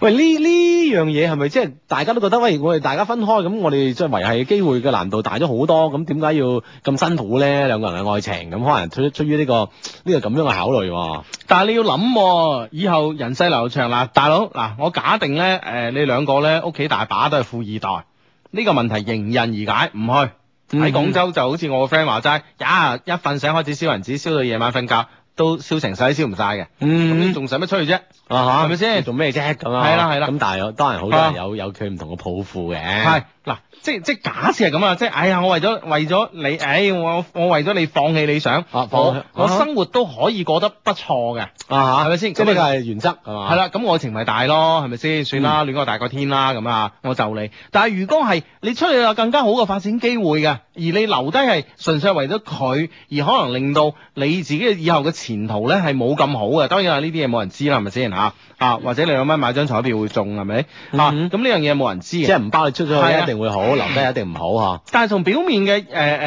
喂，呢呢樣嘢係咪即係大家都覺得？喂，我哋大家分開咁，我哋再維繫嘅機會嘅難度大咗好多。咁點解要咁辛苦呢？兩個人嘅愛情咁，可能出出於呢個呢個咁樣嘅考慮啊。但係你要諗哦，以後人世流長嗱，大佬嗱，我假定呢，誒、呃、你兩個呢屋企大把都係富二代，呢個問題迎刃而解。唔去喺、嗯、廣州就好似我個 friend 話齋，呀一瞓醒開始燒銀紙，燒到夜晚瞓覺。都燒成曬，燒唔晒嘅，嗯，咁你仲使乜出去啫？啊嚇哈，係咪先？做咩啫？咁啊，係啦係啦，咁但係當然好多人、啊、有有佢唔同嘅抱負嘅，係嗱的。即即假設係咁啊！即係哎呀，我為咗為咗你，哎我我為咗你放棄理想、啊棄我，我生活都可以過得不錯嘅，係咪先？咁、啊、呢個係原則係嘛？係啦、嗯，咁愛情咪大咯，係咪先？算啦，戀愛、嗯、大過天啦，咁啊，我就你。但係如果係你出去有更加好嘅發展機會嘅，而你留低係純粹係為咗佢，而可能令到你自己嘅以後嘅前途咧係冇咁好嘅。當然啦，呢啲嘢冇人知啦，係咪先嚇？嗯、啊或者你阿媽買張彩票會中係咪？嚇咁呢樣嘢冇人知，即係唔包你出咗去、啊、一定會好。留低一定唔好嚇，嗯、但係從表面嘅，誒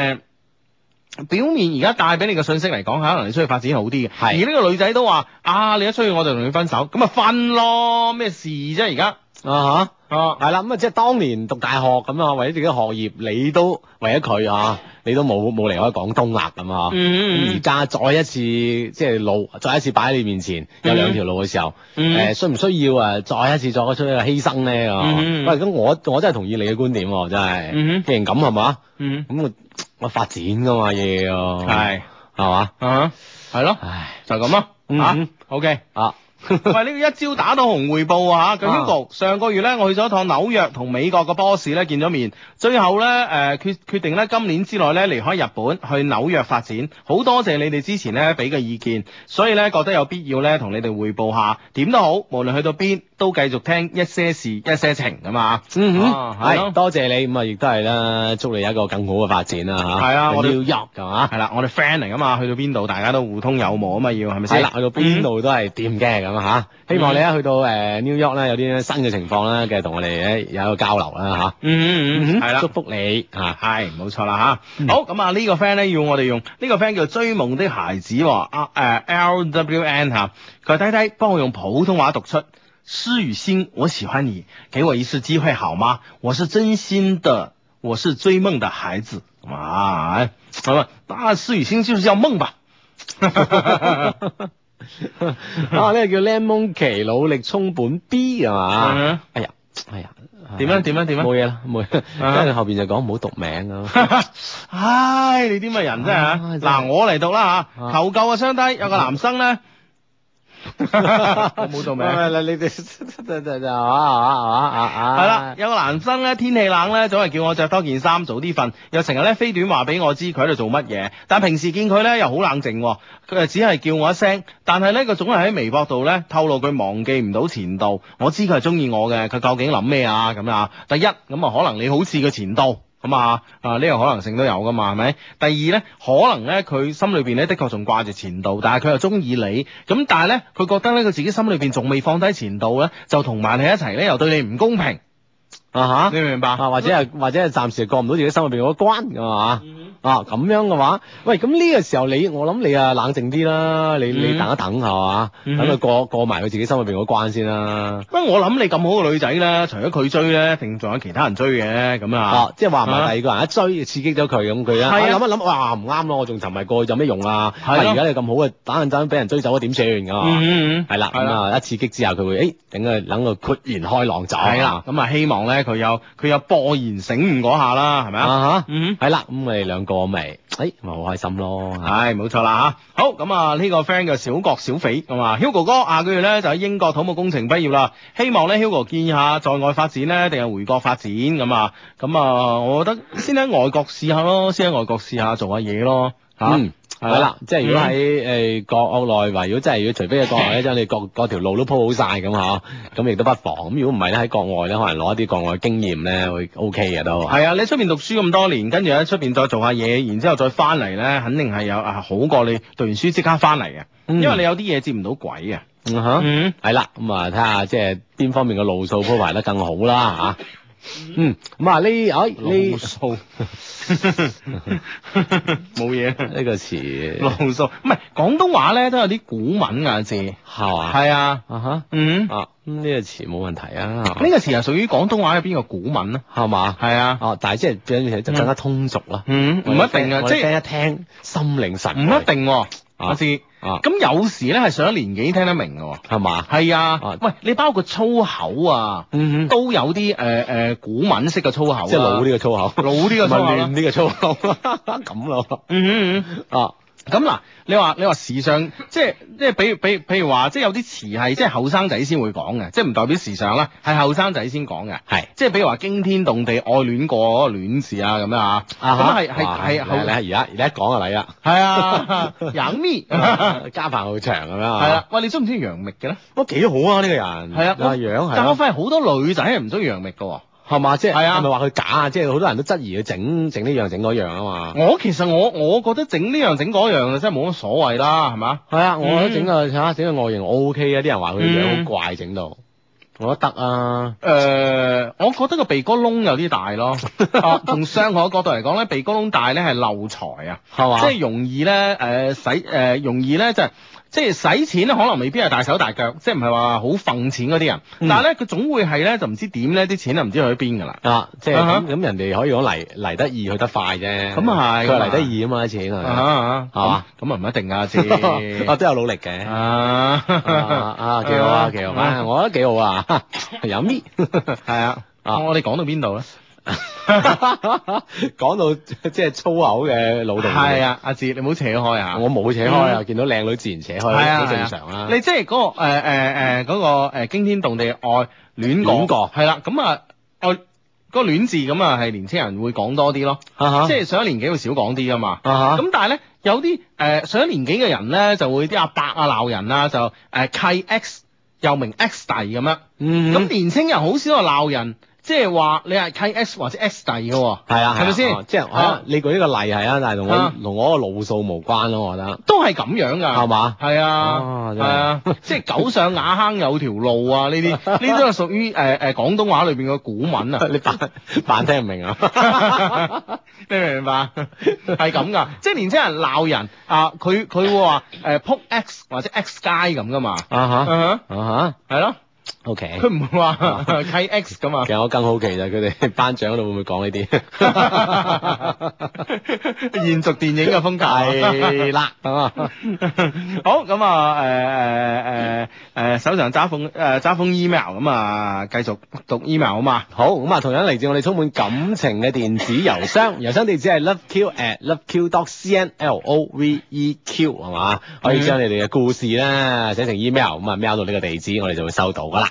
誒表面而家帶俾你嘅信息嚟講，嚇，可能你需要發展好啲嘅。是而呢個女仔都話啊，你一出去我就同你分手，咁啊分咯，咩事啫、啊？而家。啊吓，係啦，咁啊即係當年讀大學咁啊，為咗自己嘅學業，你都為咗佢啊，你都冇冇離開廣東啊咁啊，嗯，而家再一次即係路，再一次擺喺你面前，有兩條路嘅時候，誒，需唔需要啊？再一次再出一個犧牲咧啊？喂，咁我我真係同意你嘅觀點，真係，既然咁係嘛，嗯哼，咁我發展噶嘛要，係係嘛，啊，係咯，就咁咯，啊，OK 啊。喂，呢個 一招打到紅回報啊嚇！咁呢上個月呢，我去咗一趟紐約，同美國個 boss 咧見咗面，最後呢，誒、呃、決決定呢今年之內呢離開日本去紐約發展，好多謝你哋之前呢俾嘅意見，you you 所以呢，覺得有必要呢同你哋回報下，點都好，無論去到邊，都繼續聽一些事一些情咁啊，嗯哼，係多謝你咁啊，亦都係啦，祝你有一個更好嘅發展啦嚇。係啊，New York 就啊，係啦，我哋 friend 嚟噶嘛，去到邊度大家都互通有無啊嘛，要係咪先？係啦，去到邊度都係掂嘅咁嚇。希望你啊去到誒 New York 咧有啲新嘅情況咧，繼續同我哋咧有一個交流啦吓，嗯嗯嗯，係啦，祝福你嚇，係冇錯啦吓，好咁啊，呢個 friend 咧要我哋用呢個 friend 叫追夢的孩子阿誒 LWN 嚇，佢睇睇幫我用普通話讀出。施雨欣，我喜歡你，給我一次機會好嗎？我是真心的，我是追夢的孩子。啊，好啦，阿施雨欣就叫夢吧。啊，呢個叫 Lemon 靚夢琪，努力衝本 B 係嘛？哎呀，哎呀，點樣點樣點樣！冇嘢啦，冇嘢。跟住後邊就講唔好讀名啊。唉，你啲乜人啫？吓，嗱，我嚟讀啦吓，求救啊，相低，有個男生咧。 我冇做名， 你你哋就就就係嘛係嘛係啊啊！係啦， 有個男生咧，天氣冷咧，總係叫我着多件衫，早啲瞓。又成日咧飛短話俾我知佢喺度做乜嘢。但平時見佢咧又好冷靜，哦，佢又只係叫我一聲。但係咧，佢總係喺微博度咧透露佢忘記唔到前度。我知佢係中意我嘅，佢究竟諗咩啊咁啊？第一咁啊，可能你好似個前度。咁啊，啊呢個可能性都有噶嘛，係咪？第二呢，可能呢，佢心裏邊呢的確仲掛住前度，但係佢又中意你，咁但係呢，佢覺得呢，佢自己心裏邊仲未放低前度呢，就同埋你一齊呢，又對你唔公平。啊哈，你明白啊？或者係或者係暫時過唔到自己心入邊嗰關噶嘛？啊咁樣嘅話，喂，咁呢個時候你，我諗你啊冷靜啲啦，你你等一等係嘛，等佢過過埋佢自己心入邊嗰關先啦。不過，我諗你咁好嘅女仔咧，除咗佢追咧，定仲有其他人追嘅咁啊？即係話唔係第二個人一追刺激咗佢咁佢咧，諗一諗哇唔啱咯，我仲沉迷過去有咩用啊？係咯。而家你咁好嘅打緊針俾人追走咗點算噶嘛？係啦，咁啊一刺激之後佢會誒等佢等佢豁然開朗走。係啦，咁啊希望咧。佢有佢有豁然醒悟嗰下啦，係咪啊？Uh huh. 了嗯，係啦，咁我哋兩個咪誒咪好開心咯，係冇錯啦吓。好咁呢、這個 friend 嘅小國小匪咁啊，Hugo 哥下個月咧就喺英國土木工程畢業啦，希望咧 Hugo 建議下在外發展咧，定係回國發展咁啊？咁啊，我覺得先喺外國試下咯，先喺外國試下做下嘢咯，吓。係啦，即係、嗯呃、如果喺誒國國內，或者真係要除非喺國外咧，將你各各條路都鋪好晒咁嗬，咁亦都不妨。咁如果唔係咧，喺國外咧，可能攞一啲國外經驗咧，會 O K 嘅都係啊。你出邊讀書咁多年，跟住喺出邊再做下嘢，然之後再翻嚟咧，肯定係有啊，好過你讀完書即刻翻嚟嘅，因為你有啲嘢接唔到鬼啊。嗯哼，係啦、嗯，咁啊睇下即係邊方面嘅路數鋪排得更好啦吓。啊嗯，唔啊呢啊呢，冇嘢，呢個詞，囉嗦，唔係廣東話咧都有啲古文嘅字，係嘛？係啊，啊哈，嗯啊，咁呢個詞冇問題啊。呢個詞係屬於廣東話嘅邊個古文咧？係嘛？係啊，哦，但係即係變咗就更加通俗啦。嗯，唔一定啊，即係聽一聽，心領神會。唔一定喎，好似。啊，咁有時咧係上咗年紀聽得明嘅喎，係嘛吧？係啊，啊喂，你包括粗口啊，嗯哼、嗯，都有啲誒誒古文式嘅粗、啊、粗口，即係老啲嘅粗口，老啲嘅粗口，文亂啲嘅粗口，咁咯，嗯哼嗯，嗯，啊。咁嗱，你話你話時尚，即係即係，比比譬如話，即係有啲詞係即係後生仔先會講嘅，即係唔代表時尚啦，係後生仔先講嘅，係即係比如話驚天動地、愛戀過嗰個戀字啊，咁樣啊，咁係係係好，而家而家講個例啊，係啊，楊冪加飯好長咁樣啊，係啦，喂，你中唔中意楊冪嘅咧？我幾好啊呢個人，係啊，個樣係，但係我發現好多女仔唔中意楊冪嘅。係嘛，即係，係咪話佢假啊？係啊，即係好多人都質疑佢整整呢樣整嗰樣啊嘛。我其實我我覺得整呢樣整嗰樣啊，真係冇乜所謂啦，係嘛？係啊，我覺得整啊，吓，整個外形 O K 啊，啲人話佢嘅樣好怪，整到我覺得得啊。誒，我覺得個鼻哥窿有啲大咯，從商嗰角度嚟講咧，鼻哥窿大咧係漏財啊，係嘛？即係容易咧，誒、呃，使誒、呃，容易咧即係。就是即係使錢咧，可能未必係大手大腳，即係唔係話好憤錢嗰啲人，但係咧佢總會係咧就唔知點咧，啲錢就唔知去邊㗎啦。啊，即係咁人哋可以講嚟嚟得易去得快啫。咁啊係，佢嚟得易啊嘛啲錢係，係嘛？咁啊唔一定啊，先，我都有努力嘅。啊啊，幾好啊幾好啊！我覺得幾好啊，有咩？係啊，啊我哋講到邊度咧？講 到即係粗口嘅老道嘅，係啊，阿哲，你唔好扯開啊！我冇扯開啊，嗯、見到靚女自然扯開，係啊，好正常啦，啊。你即係嗰、那個誒誒誒嗰個誒驚、呃、天動地愛戀講過係啦，咁啊愛嗰個戀字咁啊係年青人會講多啲咯，啊、哈即係上咗年紀會少講啲噶嘛，咁、啊、哈但係咧有啲誒上咗年紀嘅人咧就會啲阿伯啊鬧人啦，啊，就誒契、呃、X 又名 X 弟咁樣，咁、嗯嗯、年青人好少話鬧人。即係話你係睇 X 或者 X 弟嘅喎，係啊，係咪先？即係嚇你舉呢個例係啊，但係同我同我個路數無關咯，我覺得都係咁樣㗎，係嘛？係啊，係啊，即係狗上瓦坑有條路啊！呢啲呢啲係屬於誒誒廣東話裏邊嘅古文啊！你白白聽唔明啊？你明唔明白？係咁㗎，即係年輕人鬧人啊！佢佢會話誒撲 X 或者 X 街咁㗎嘛？啊嚇！啊嚇！係咯～O K，佢唔會話 K X 咁啊。Okay. 其實我更好奇就係佢哋頒獎嗰度會唔會講呢啲？延 續電影嘅風格係啦。 好咁啊，誒誒誒誒，手上揸封誒揸封 email 咁啊，繼、呃嗯、續讀 email 好嘛？好，咁啊，同樣嚟自我哋充滿感情嘅電子郵箱，郵 箱地址係 loveq at loveq dot c n l o v e q 係嘛？的可以將你哋嘅故事咧寫成 email，咁啊 mail 到呢個地址，我哋就會收到噶啦。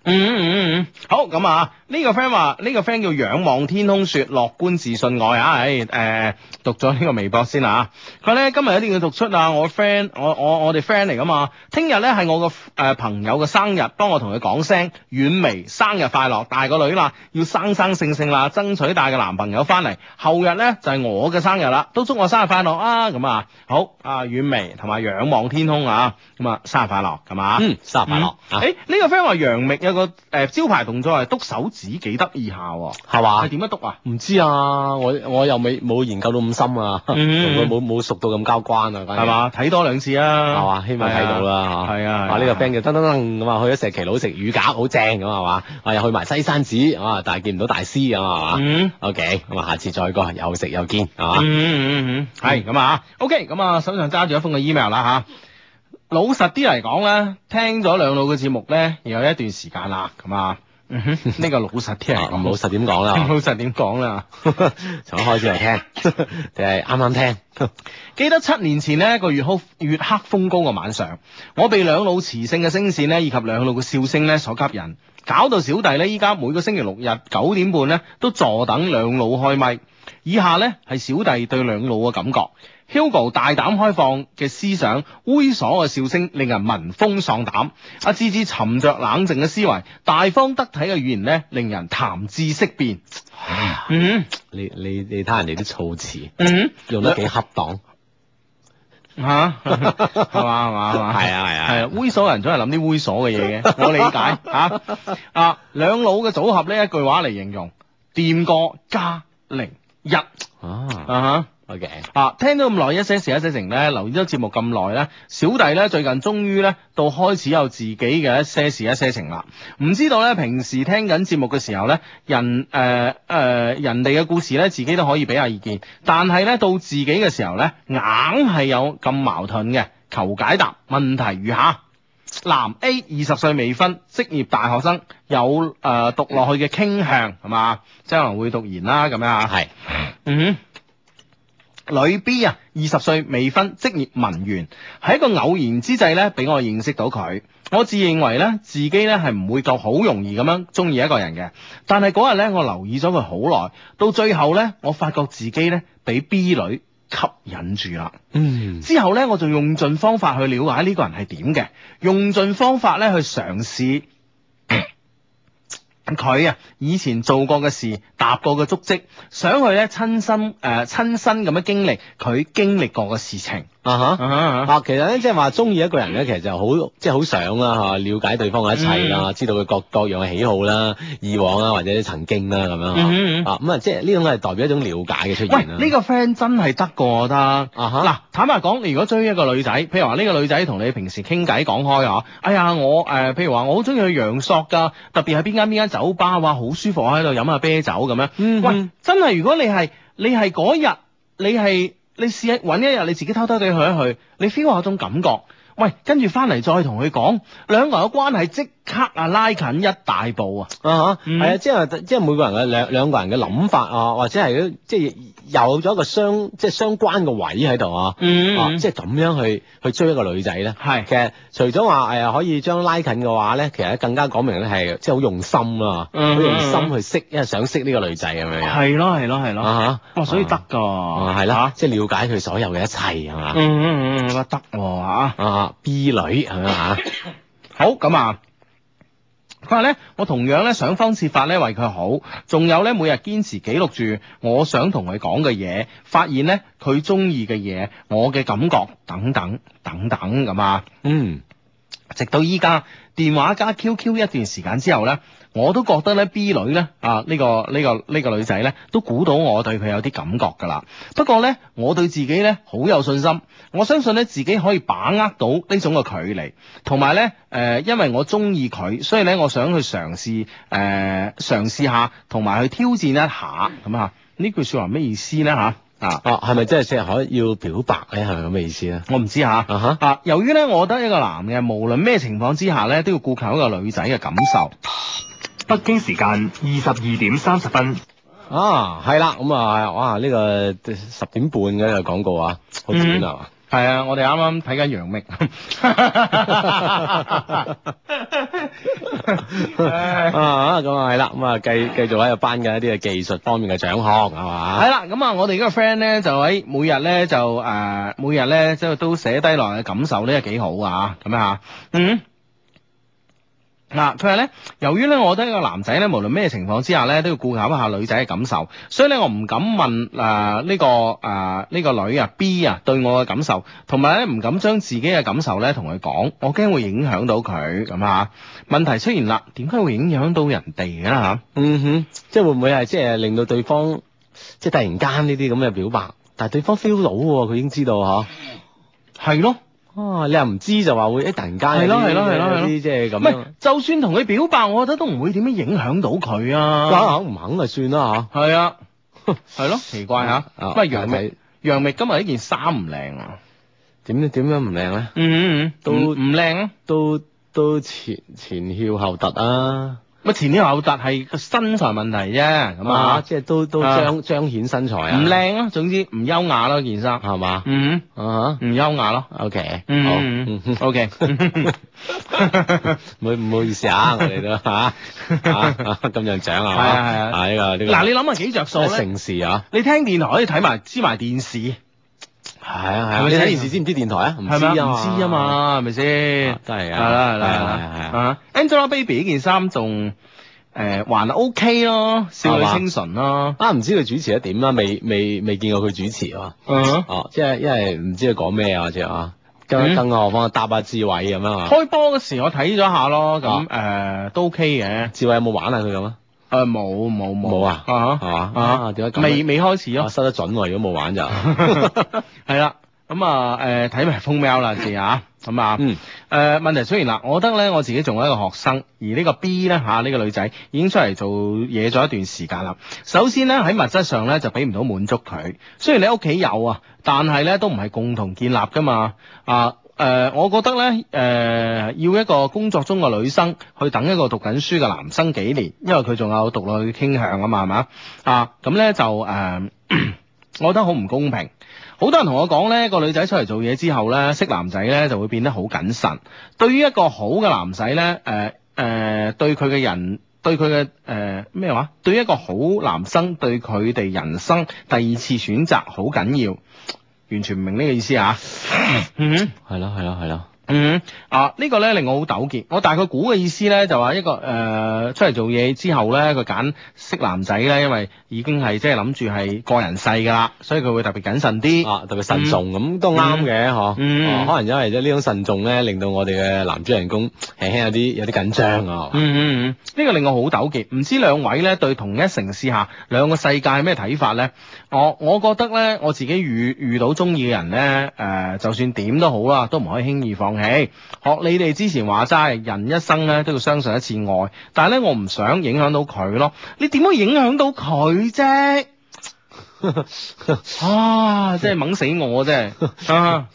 嗯嗯嗯嗯，mm hmm. 好咁啊！呢、這個 friend 話，呢、這個 friend 叫仰望天空雪樂觀自信愛啊！唉、哎，誒，讀咗呢個微博先啊！佢咧今日一定要讀出啊！我 friend，我我我哋 friend 嚟噶嘛？聽日咧係我個誒、呃、朋友嘅生日，幫我同佢講聲，遠眉生日快樂，大個女啦，要生生性性啦，爭取帶個男朋友翻嚟。後日咧就係、是、我嘅生日啦，都祝我生日快樂啊！咁啊，好啊，遠眉同埋仰望天空啊，咁啊，生日快樂，係嘛、啊？嗯，生日快樂。誒、嗯，呢、mm hmm. 欸這個 friend 話，楊明個誒招牌動作係篤手指，幾得意下，係嘛吧？係點樣篤啊？唔知啊，我我又未冇研究到咁深啊，同佢冇冇、mm hmm. 熟到咁交關啊，係嘛？睇多兩次啊，係嘛？希望睇到啦，吓係啊，呢、啊啊啊啊這個 band 就噔噔噔咁啊，去咗石岐佬食乳鴿，好正咁，係嘛？啊，又去埋西山寺啊，但係見唔到大師咁，係嘛？OK 咁啊，下次再過，又食又見，係嘛？Mm hmm. 是嗯係咁啊，OK，咁啊，啊，啊，手上揸住一封嘅 email 啦，啊，吓。老實啲嚟講咧，聽咗兩老嘅節目咧，又有一段時間啦，咁、嗯、啊，呢、呢個老實咁 老實點講啦，老實點講啦，從一開始嚟聽，就係啱啱聽， 記得七年前咧個月黑月黑風高嘅晚上，我被兩老磁性嘅聲線咧以及兩老嘅笑聲咧所吸引，搞到小弟咧依家每個星期六日九點半咧都坐等兩老開咪。以下咧係小弟對兩老嘅感覺。Hugo 大膽開放嘅思想，猥瑣嘅笑聲令人聞風喪膽；阿芝芝沉着冷靜嘅思維，大方得體嘅語言咧，令人談之色變。嗯一、呃，你你你睇人哋啲措辭，嗯，用得幾恰當。吓、啊，係嘛係嘛係嘛，係一一一啊係啊係。猥瑣人總係諗啲猥瑣嘅嘢嘅，我理解。吓，啊，兩老嘅組合呢一句話嚟形容，掂過加零一。啊，啊哈。Okay. 啊，聽到咁耐一些事一些情咧，留意咗節目咁耐咧，小弟咧最近終於咧到開始有自己嘅一些事一些情啦。唔知道咧，平時聽緊節目嘅時候咧，人誒誒、呃呃、人哋嘅故事咧，自己都可以俾下意見，但係咧到自己嘅時候咧，硬係有咁矛盾嘅，求解答問題如下：男 A 二十歲未婚，職業大學生，有誒、呃、讀落去嘅傾向係嘛？ 即係可能會讀研啦咁樣啊。係，嗯、 mm。Hmm. 女 B 啊，二十歲未婚，職業文員，喺一個偶然之際咧，俾我認識到佢。我自認為咧，自己咧係唔會咁好容易咁樣中意一個人嘅。但係嗰日咧，我留意咗佢好耐，到最後咧，我發覺自己咧俾 B 女吸引住啦。嗯，嗯，之後咧，我就用盡方法去了解呢個人係點嘅，用盡方法咧去嘗試。佢啊，以前做過嘅事，踏過嘅足跡，想去咧親身誒親身咁樣經歷佢經歷過嘅事情。啊哈啊其實咧，即係話中意一個人咧，其實就好，即係好想啦、啊、嚇，瞭解對方嘅一切啦、啊，uh huh. 知道佢各各樣嘅喜好啦、啊、以往啦、啊、或者曾經啦咁樣啊咁啊，即係呢種都係代表一種了解嘅出現呢、啊這個 friend 真係得過我得。啊哈、uh！嗱、huh.，坦白講，如果追一個女仔，譬如話呢個女仔同你平時傾偈講開嚇，哎呀我誒、呃，譬如話我好中意去陽朔㗎，特別係邊間邊間酒吧哇，好舒服喺度飲下啤酒咁樣。Uh huh. 喂，真係如果你係你係嗰日你係。你你試試穩一日，你自己偷偷哋去一去，你 feel 有種感覺，喂，跟住翻嚟再同佢講兩個人嘅關係即。刻啊拉近一大步啊！啊哈，係啊，即係即係每個人嘅兩兩個人嘅諗法啊，或者係即係有咗一個雙即係相關嘅位喺度啊，啊，即係咁樣去去追一個女仔咧，係嘅。其實除咗話誒可以將拉近嘅話咧，其實更加講明咧係即係好用心啊，好用心去識，因為想識呢個女仔咁樣。係咯係咯係咯，啊哈，哇，所以得㗎，啊係啦，即係了解佢所有嘅一切係嘛，嗯嗯嗯，得啊啊 B 女係咪啊？好咁啊！佢話咧，我同樣咧想方設法咧為佢好，仲有咧每日堅持記錄住我想同佢講嘅嘢，發現咧佢中意嘅嘢，我嘅感覺等等等等咁啊，嗯，直到依家。電話加 QQ 一段時間之後呢，我都覺得咧 B 女咧啊呢、呢個呢、呢個呢、呢個女仔呢，都估到我對佢有啲感覺噶啦。不過呢，我對自己呢，好有信心，我相信呢，自己可以把握到呢種嘅距離，同埋呢，誒、呃，因為我中意佢，所以呢，我想去嘗試誒、呃、嘗試下，同埋去挑戰一下咁啊。呢句說話咩意思呢？吓？啊，哦、啊，係咪即係四海要表白咧？係咪咁嘅意思咧？我唔知吓。啊，啊，啊，由於咧，我覺得一個男嘅無論咩情況之下咧，都要顧及一個女仔嘅感受。北京時間二十二點三十分。啊，係啦，咁、嗯、啊，哇，呢、這個十點半嘅廣告啊，好短啊。係啊，我哋啱啱睇緊楊明，啊咁啊係啦，咁啊繼繼續喺度頒緊一啲嘅技術方面嘅獎項係嘛，係啦，咁啊我哋嗰個 friend 咧就喺每日咧就誒每日咧即係都寫低落嚟嘅感受咧，幾好啊，咁樣啊，嗯。嗱，佢話咧，由於咧，我覺得呢個男仔咧，無論咩情況之下咧，都要顧考一下女仔嘅感受，所以咧，我唔敢問誒呢、呃這個誒呢、呃這個女啊 B 啊對我嘅感受，同埋咧唔敢將自己嘅感受咧同佢講，我驚會影響到佢咁啊。問題出現啦，點解會影響到人哋嘅吓？嗯哼，即係會唔會係即係令到對方即係突然間呢啲咁嘅表白，但係對方 feel 到喎，佢已經知道吓，係咯。啊、哦！你又唔知就話會一突然間係咯係咯係咯啲即係咁。唔係就算同佢表白，我覺得都唔會點樣影響到佢啊。肯唔肯啊？肯就算啦嚇。係啊，係咯是的， 奇怪嚇。咁啊，楊冪楊冪今日呢件衫唔靚啊？點點樣唔靚咧？嗯嗯嗯，都唔靚啊！都都前前翹後突啊！乜前天凹凸係身材問題啫，咁啊，即係都都彰彰顯身材啊，唔靚咯，總之唔優雅咯，件衫係嘛，嗯，唔優雅咯，OK，嗯，OK，唔好唔好意思啊，我哋都嚇咁樣獎啊，係啊係啊，啊呢個嗱你諗下幾着數，城市啊，你聽電台可以睇埋黐埋電視。係啊，係啊，你睇電視知唔知電台啊？唔知啊，唔知啊嘛，係咪先？真係啊，係啦，係啦，係啦，係 Angelababy 呢件衫仲誒還 OK 咯，少女清純咯。啊，唔知佢主持得點啊？未未未見過佢主持啊嘛。哦，即係因為唔知佢講咩啊，即係啊。更更何況搭啊，志偉咁啊嘛。開波嗰時我睇咗下咯，咁誒都 OK 嘅。志偉有冇玩下佢咁啊？誒，冇冇冇冇啊！啊吓哈，啊點解咁？啊、哈未未開始咯，收、啊、得準喎！如果冇玩就係啦。咁啊，誒，睇埋封喵啦，先吓。咁啊，嗯。誒、嗯嗯，問題雖然嗱，我覺得咧，我自己仲係一個學生，而呢個 B 咧吓，呢、啊這個女仔已經出嚟做嘢咗一段時間啦。首先咧喺物質上咧就俾唔到滿足佢。雖然你屋企有啊，但係咧都唔係共同建立噶嘛啊。誒、呃，我覺得咧，誒、呃，要一個工作中嘅女生去等一個讀緊書嘅男生幾年，因為佢仲有讀落去傾向啊嘛，係嘛啊，咁咧就誒、呃， 我覺得好唔公平。好多人同我講咧，個女仔出嚟做嘢之後咧，識男仔咧就會變得好謹慎。對於一個好嘅男仔咧，誒、呃、誒、呃，對佢嘅人，對佢嘅誒咩話？對於一個好男生，對佢哋人生第二次選擇好緊要。完全唔明呢個意思啊！嗯哼，係咯，係咯，係咯。嗯 啊、呢個、呢個咧令我好糾結。 我大概估嘅意思咧就話一個誒、呃、出嚟做嘢之後咧，佢揀識男仔咧，因為已經係即係諗住係過人世噶啦，所以佢會特別謹慎啲，啊特別慎重咁都啱嘅嗬。可能因為咗呢種慎重咧，令到我哋嘅男主人公輕輕有啲有啲緊張啊。嗯嗯嗯，呢、 啊 呢個令我好糾結。唔知兩位咧對同一城市下兩個世界係咩睇法咧？我，我覺得咧，我自己遇遇到中意嘅人咧，誒、呃，就算點都好啦，都唔可以輕易放棄。學你哋之前話齋，人一生咧都要相信一次愛，但係咧我唔想影響到佢咯。你點會影響到佢啫？ 啊！真係懵死我真係啊！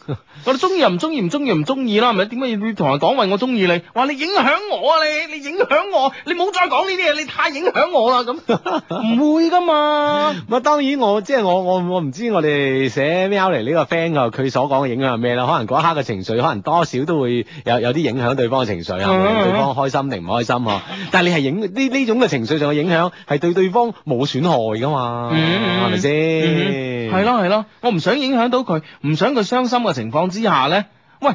我哋中意又唔中意，唔中意又唔中意啦，唔係點解要同人講，話我中意你？話你影響我啊！你你影響我！你冇再講呢啲嘢，你太影響我啦！咁唔會噶嘛？咁啊、 嗯，當然我即係我我我唔知我哋寫 mail 嚟，呢個 friend 啊，佢所講嘅影響係咩啦？可能嗰一刻嘅情緒，可能多少都會有有啲影響對方嘅情緒啊、嗯嗯，對方開心定唔開心啊？但係你係影呢呢種嘅情緒上嘅影響，係對對方冇損害噶嘛？係咪先？嗯嗯是係咯係咯，我唔想影響到佢，唔想佢傷心嘅情況之下咧，喂，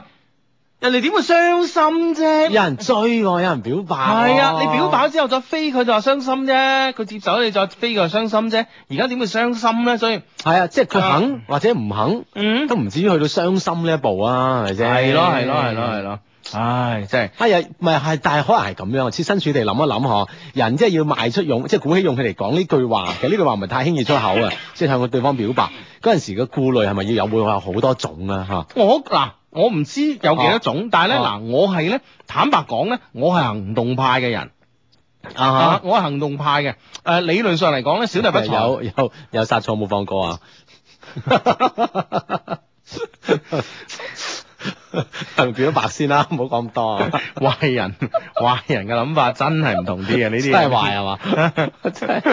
人哋點會傷心啫？有人追我，有人表白，係啊，你表白之後再飛佢就傷心啫，佢接走你再飛佢就傷心啫，而家點會傷心咧？所以係啊，即係佢肯或者唔肯，嗯，都唔至於去到傷心呢一步啊，係咪先？係咯係咯係咯係咯。唉，真係啊！又咪係？但係可能係咁樣，設身處地諗一諗嗬。人即係要邁出勇，即、就、係、是、鼓起勇氣嚟講呢句話。其實呢句話唔係太輕易出口啊！即係 向對方表白嗰陣時嘅顧慮係咪要有？會有好多種，多種啊？吓。我嗱，我唔知有幾多種，但係咧嗱，我係咧坦白講咧，我係行動派嘅人啊，啊！我係行動派嘅。誒，理論上嚟講咧，小弟不才、嗯嗯。有有有殺錯冇放過啊！ 就 變咗白先啦，唔好講咁多。 壞人，壞人嘅諗法真係唔同啲嘅呢啲， 真係壞係嘛？真係，係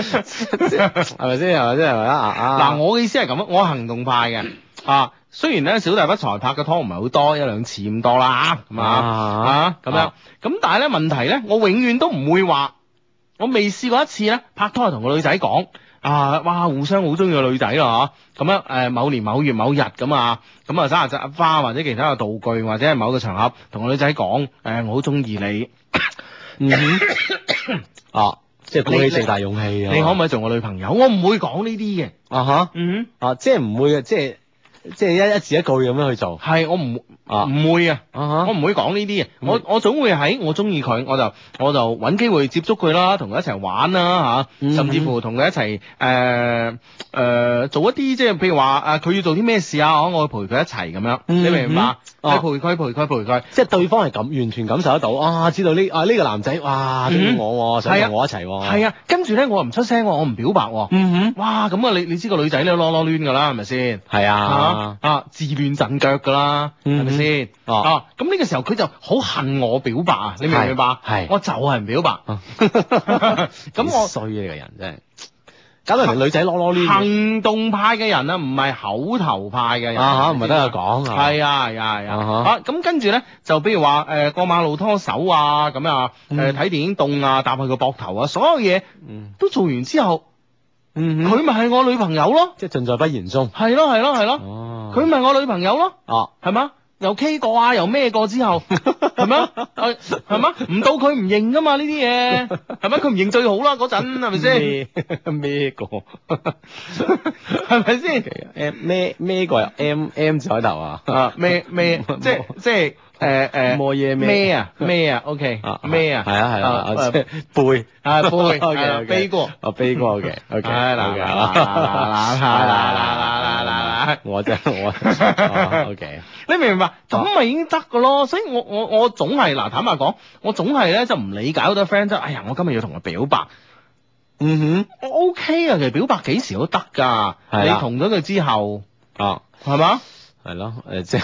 咪先？係咪先？係咪啊？嗱、啊，我嘅意思係咁，我行動派嘅啊，雖然咧小弟不才拍嘅拖唔係好多，一兩次咁多啦，係嘛啊咁樣咁，但係咧問題咧，我永遠都唔會話我未試過一次咧拍拖同個女仔講。啊！哇！互相好中意個女仔啊！咁樣誒，某年某月某日咁啊，咁啊，生日就集花或者其他嘅道具或者係某個場合同個女仔講，誒、 呃，我好中意你。嗯 啊，即係鼓起四大勇氣啊你！你可唔可以做我女朋友？我唔會講呢啲嘅。啊吓、uh？Huh, 嗯，嗯啊，即係唔會啊，即係。即係一一字一句咁樣去做，係我唔唔、啊、會啊，uh huh. 我唔會講呢啲啊。我我總會喺我中意佢，我就我就搵機會接觸佢啦，同佢一齊玩啦、啊、吓，啊 mm hmm. 甚至乎同佢一齊誒誒做一啲即係譬如話誒佢要做啲咩事啊，我我陪佢一齊咁樣，mm hmm. 你明唔明白？啊、uh huh. 陪佢陪佢陪佢即係對方係感完全感受得到啊，知道呢啊呢、呢個男仔哇中意我，想同、mm hmm. 我，我一齊，係啊，啊，跟住咧我唔出聲，我唔表白，嗯、啊、哼，mm hmm. 哇咁啊你你知個女仔咧囉囉攣噶啦，係咪先？係啊。啊！自亂陣腳噶啦，係咪先？啊、嗯！咁、嗯、呢、哦、個時候佢就好恨我表白，你明唔明白？係，我就係唔表白。咁、 嗯、 我衰呢個人真係，搞到成女仔攞攞亂行動派嘅人啊，唔係口頭派嘅人唔係得佢講啊。係啊，係啊，嚇！咁跟住咧，就比如話誒過馬路拖手啊，咁啊，誒睇、嗯、電影凍啊，搭佢個膊頭啊，所有嘢都做完之後。嗯，佢咪係我女朋友咯，即係盡在不言中，係咯係咯係咯，佢咪、啊、我女朋友咯，哦、啊，係嘛？有 K 過啊，由咩過之後，係咩？啊？係嘛？唔到佢唔認噶嘛？呢啲嘢係咪？佢唔認最好啦，嗰陣係咪先？咩過？係咪先？M 咩咩過？M M 字開頭啊？啊咩咩？即即誒誒，咩咩啊咩啊？OK 咩啊？係啊係啊，即背啊背背過啊背過嘅 OK，係啦啦啦啦啦啦。我啫，我 OK。你明唔明白？咁咪已經得㗎囉，所以我我我總係嗱，坦白講，我總係咧就唔理解好多 friend 即係，哎呀，我今日要同佢表白，嗯哼，我 OK 啊，其實表白幾時都得㗎，的你同咗佢之後，啊，係嘛吧？係囉，誒即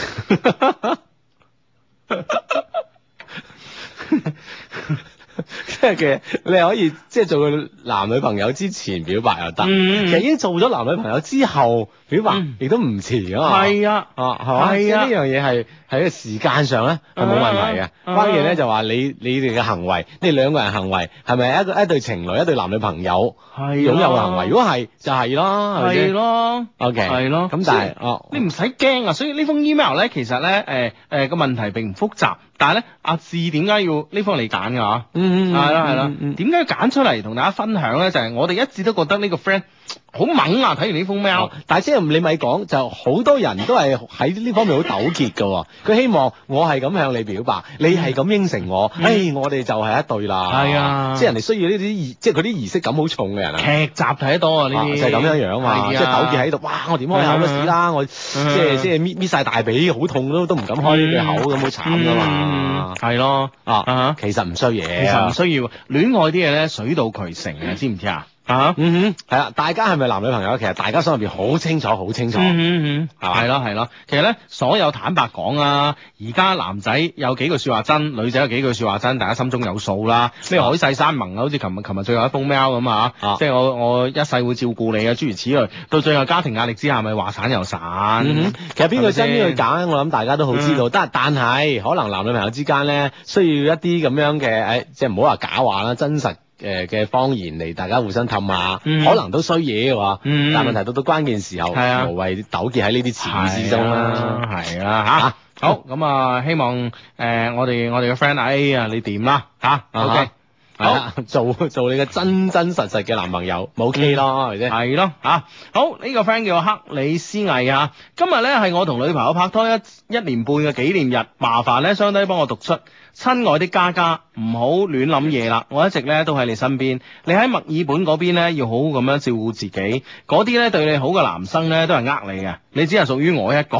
即係其實你係可以即係做男女朋友之前表白又得，其實已經做咗男女朋友之後表白亦都唔遲噶嘛。係啊，啊係嘛？呢樣嘢係喺個時間上咧係冇問題嘅。關鍵咧就話你你哋嘅行為，你哋兩個人行為係咪一個一對情侶一對男女朋友擁有嘅行為？如果係就係咯，係咪？係咯，OK，係咯。咁但係哦，你唔使驚啊。所以呢封 email 咧，其實咧誒誒個問題並唔複雜，但係咧阿志點解要呢封嚟揀嘅？嗯嗯，係啦係啦，嗯，點解揀出嚟同大家分享咧？就係我哋一直都覺得呢個 friend 好猛啊！睇完呢封 mail，但係即係你咪講，就好多人都係喺呢方面好糾結噶。佢希望我係咁向你表白，你係咁應承我，誒，我哋就係一對啦。係啊，即係人哋需要呢啲，即係啲儀式感好重嘅人啊。劇集睇得多啊，呢啲就係咁樣樣嘛，即係糾結喺度。哇，我點開口都死啦！我即係即係搣搣晒大髀，好痛都都唔敢開呢啲口，咁好慘噶嘛。係咯，啊，其實唔需要嘢，其實唔需要。戀愛啲嘢咧水到渠成啊，知唔知啊？啊，嗯哼，係啊，大家係咪男女朋友？其實大家心入邊好清楚，好清楚，嗯嗯係咯係咯。其實咧，所有坦白講啊，而家男仔有幾句說話真，女仔有幾句說話真，大家心中有數啦。即係、啊、海誓山盟啊，好似琴日琴日最後一封 mail 咁啊，即係我我一世會照顧你啊，諸如此類。到最後家庭壓力之下，咪話散又散。嗯、其實邊句真邊句吧假，我諗大家都好知道。得、嗯，但係可能男女朋友之間咧，需要一啲咁樣嘅，誒、哎，即係唔好話假話啦，真實。誒嘅方言嚟，大家互相氹下。嗯、可能都衰嘢嘅話。嗯、但問題到到關鍵時候，係、啊、無謂糾結喺呢啲詞語之中啦、啊，係啦吓。啊啊、好咁啊、嗯，希望誒、呃、我哋我哋嘅 friend 阿 A 啊，你點啦吓 OK。Okay. uh huh. 係啦，做做你個真真實實嘅男朋友，冇機咯，係咪先？係咯，吓，好，呢個 friend 叫克里斯毅啊，今日咧係我同女朋友拍拖一一年半嘅紀念日，麻煩咧雙低幫我讀出，親愛的嘉嘉，唔好亂諗嘢啦，我一直咧都喺你身邊，你喺墨爾本嗰邊咧要好好咁樣照顧自己，嗰啲咧對你好嘅男生咧都係呃你嘅，你只係屬於我一個，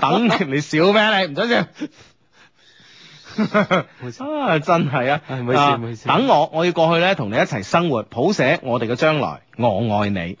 等你笑咩你？唔使笑。啊，真係啊，等我，我要過去咧，同你一齊生活，譜寫我哋嘅將來。我愛你。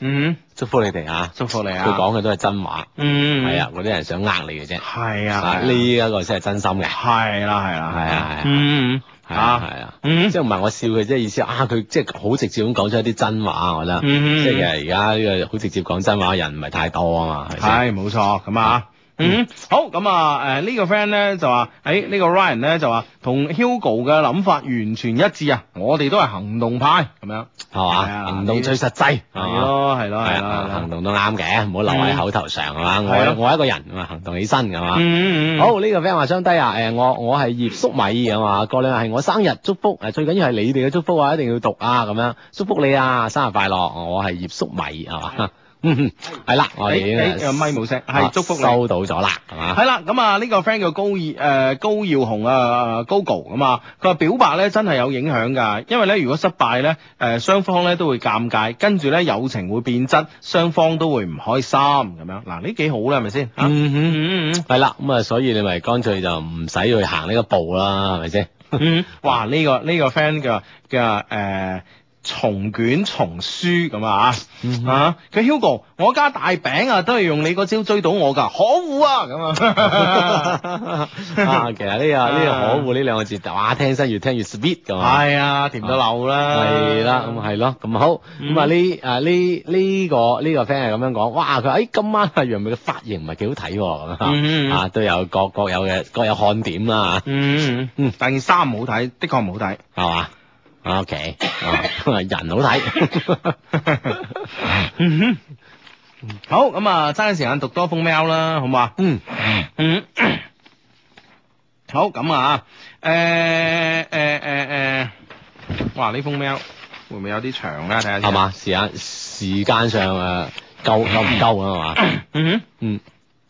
嗯，祝福你哋啊，祝福你啊。佢講嘅都係真話。嗯，係啊，嗰啲人想呃你嘅啫。係啊，呢一個先係真心嘅。係啦，係啦，係啊，係啊。嗯，係啊，係啊。即係唔係我笑佢，即係意思啊，佢即係好直接咁講出一啲真話我覺得，嗯。即係其實而家呢個好直接講真話人唔係太多啊嘛。係，冇錯，咁啊。嗯，好咁啊，誒呢個 friend 咧就話，誒呢個 Ryan 咧就話，同 Hugo 嘅諗法完全一致啊，我哋都係行動派咁樣，係嘛，行動最實際，係咯係咯係啊，行動都啱嘅，唔好留喺口頭上，係嘛，我我一個人啊行動起身，係嘛，好呢個 friend 話相低啊，誒我我係葉粟米係嘛，過兩日係我生日，祝福誒最緊要係你哋嘅祝福啊，一定要讀啊咁樣，祝福你啊生日快樂，我係葉粟米係嘛。嗯哼，係啦，誒誒，咪冇聲，係祝福你收到咗啦，係嘛？係啦，咁啊呢個 friend 叫高誒高耀雄啊，Google，咁啊，佢話表白咧真係有影響噶，因為咧如果失敗咧，誒雙方咧都會尷尬，跟住咧友情會變質，雙方都會唔開心咁樣。嗱，呢幾好啦，係咪先？嗯哼嗯嗯嗯。係啦，咁啊，所以你咪乾脆就唔使去行呢個步啦，係咪先？嗯。哇，呢個呢個 friend 嘅嘅誒。重卷重輸咁啊吓，啊佢、嗯哼啊、Hugo，我家大餅啊都係用你嗰招追到我噶，可惡啊咁啊，啊， 啊其實呢、這個呢、 啊、個可惡呢兩個字，就話聽聲越聽越 sweet 咁啊，係啊、哎、甜到漏啦，係、啊、啦咁係咯咁好咁、嗯、啊呢啊呢呢個呢、這個 friend 係咁樣講，哇佢哎今晚阿楊冪嘅髮型唔係幾好睇咁啊，嗯嗯嗯、啊，都有各各有嘅各有看點啦嗯嗯嗯，嗯但件衫唔好睇，的確唔好睇係嘛。O Okay . K， 人好睇看，好咁啊，揸緊時間讀多封 mail 啦，好唔好啊？嗯嗯，好咁啊，誒誒誒誒，哇！呢封 mail 會唔會有啲長咧？睇下先，係嘛？時間時間上啊夠夠唔夠啊？係嘛？嗯哼，嗯。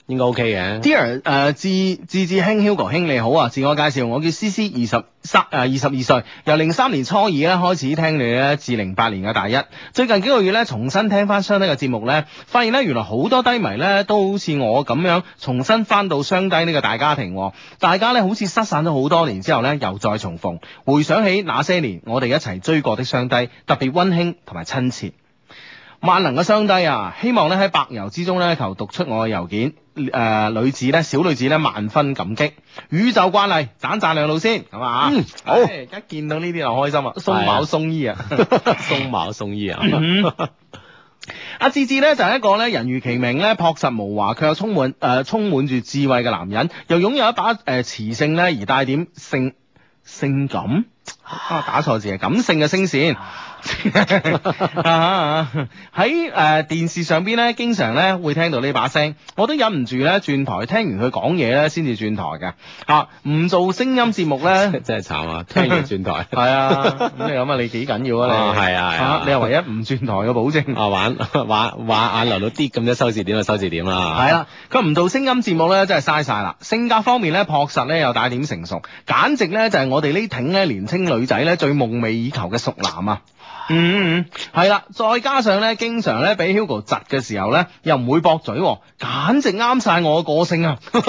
應該 OK 嘅，Dear，誒、呃，自自自兄 Hugo 兄你好啊，自我介紹，我叫 CC，二十三誒、呃、二十二歲，由零三年初二咧開始聽你咧，至零八年嘅大一，最近幾個月咧重新聽返雙低嘅節目咧，發現咧原來好多低迷咧都好似我咁樣重新返到雙低呢個大家庭，哦，大家咧好似失散咗好多年之後咧又再重逢，回想起那些年我哋一齊追過的雙低，特別温馨同埋親切，萬能嘅雙低啊，希望咧喺百郵之中咧求讀出我嘅郵件。誒、呃、女子咧，小女子咧，萬分感激。宇宙慣例，盞讚兩路先，係嘛？嗯，哎、好。而家見到呢啲就開心啊，鬆毛鬆翼啊，鬆毛鬆翼啊。阿志志咧就係、是、一個咧人如其名咧樸實無華，佢又充滿誒、呃、充滿住智慧嘅男人，又擁有一把誒磁、呃、性咧而帶點性性感 啊，打錯字係感性嘅聲線。喺誒、 啊呃、電視上邊咧，經常咧會聽到呢把聲，我都忍唔住咧轉台，聽完佢講嘢咧先至轉台嘅。啊，唔做聲音節目咧， 真係慘啊！聽完轉台，係 啊，咁你諗啊， 啊，啊，啊，啊，你幾緊要啊？你係啊，你係唯一唔轉台嘅保證。 啊，玩玩玩，眼流到啲咁啫，收視點就收視點啦。係啦、 啊，佢唔做聲音節目咧，真係嘥晒啦。性格方面咧，樸實咧又帶點成熟，簡直咧就係、是、我哋呢挺咧年，年青女仔咧最夢寐以求嘅熟男啊！嗯，係、嗯、啦，再加上咧，經常咧俾 Hugo 窒嘅時候咧，又唔會駁嘴、啊，簡直啱晒我個性啊！出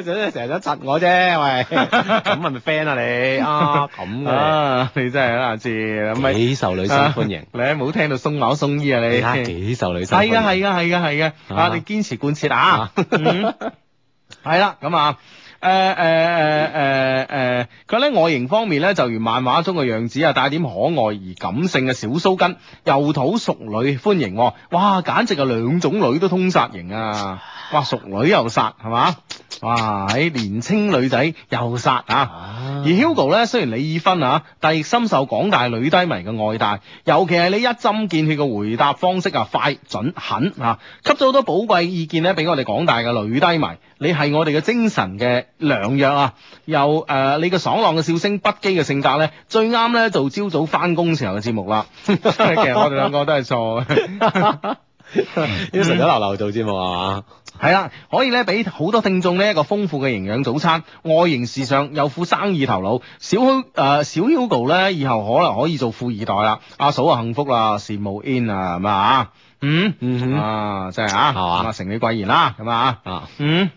咗嚟成日都窒我啫，喂！咁係咪 friend 啊你？啊咁啊，啊，你真係阿志，幾受女生歡迎、啊、你冇聽到松某松依啊你？幾受女生？係啊係啊係啊係啊，啊你堅持貫徹啊！係 啦、 嗯，咁啊。誒誒誒誒誒，佢咧、呃呃呃呃呃、外形方面咧就如漫畫中嘅樣子啊，帶點可愛而感性嘅小鬚根，又討熟女歡迎我，哇，簡直係兩種女都通殺型啊，哇，熟女又殺，係嘛？哇！年青女仔又殺啊！而 Hugo 咧雖然你已婚啊，但係亦深受廣大女低迷嘅愛戴。尤其係你一針見血嘅回答方式啊，快準狠啊，吸咗好多寶貴意見咧，俾我哋廣大嘅女低迷。你係我哋嘅精神嘅良藥啊！又誒、呃，你嘅爽朗嘅笑聲、不羈嘅性格咧，最啱咧做朝早返工時候嘅節目啦。 其實我哋兩個都係錯嘅。 要成咗流流做節目啊！係啦， 可以咧俾好多聽眾呢一個豐富嘅營養早餐，外形時尚有富生意頭腦，小誒、呃、小、Hugo 咧以後可能可以做富二代啦，阿嫂啊幸福啦，羨慕 in 啊咁啊嗯啊真係啊係啊，成你貴言啦咁啊啊嗯，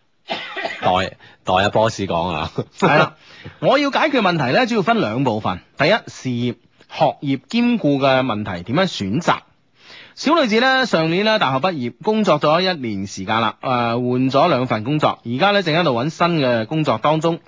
代代阿 boss 講啊，係 啦，我要解決問題咧，主要分兩部分，第一，第一事業學業兼顧嘅問題，點樣選擇？小女子咧上年咧大學畢業，工作咗一年時間啦，誒換咗兩份工作，而家咧正喺度揾新嘅工作當中，誒、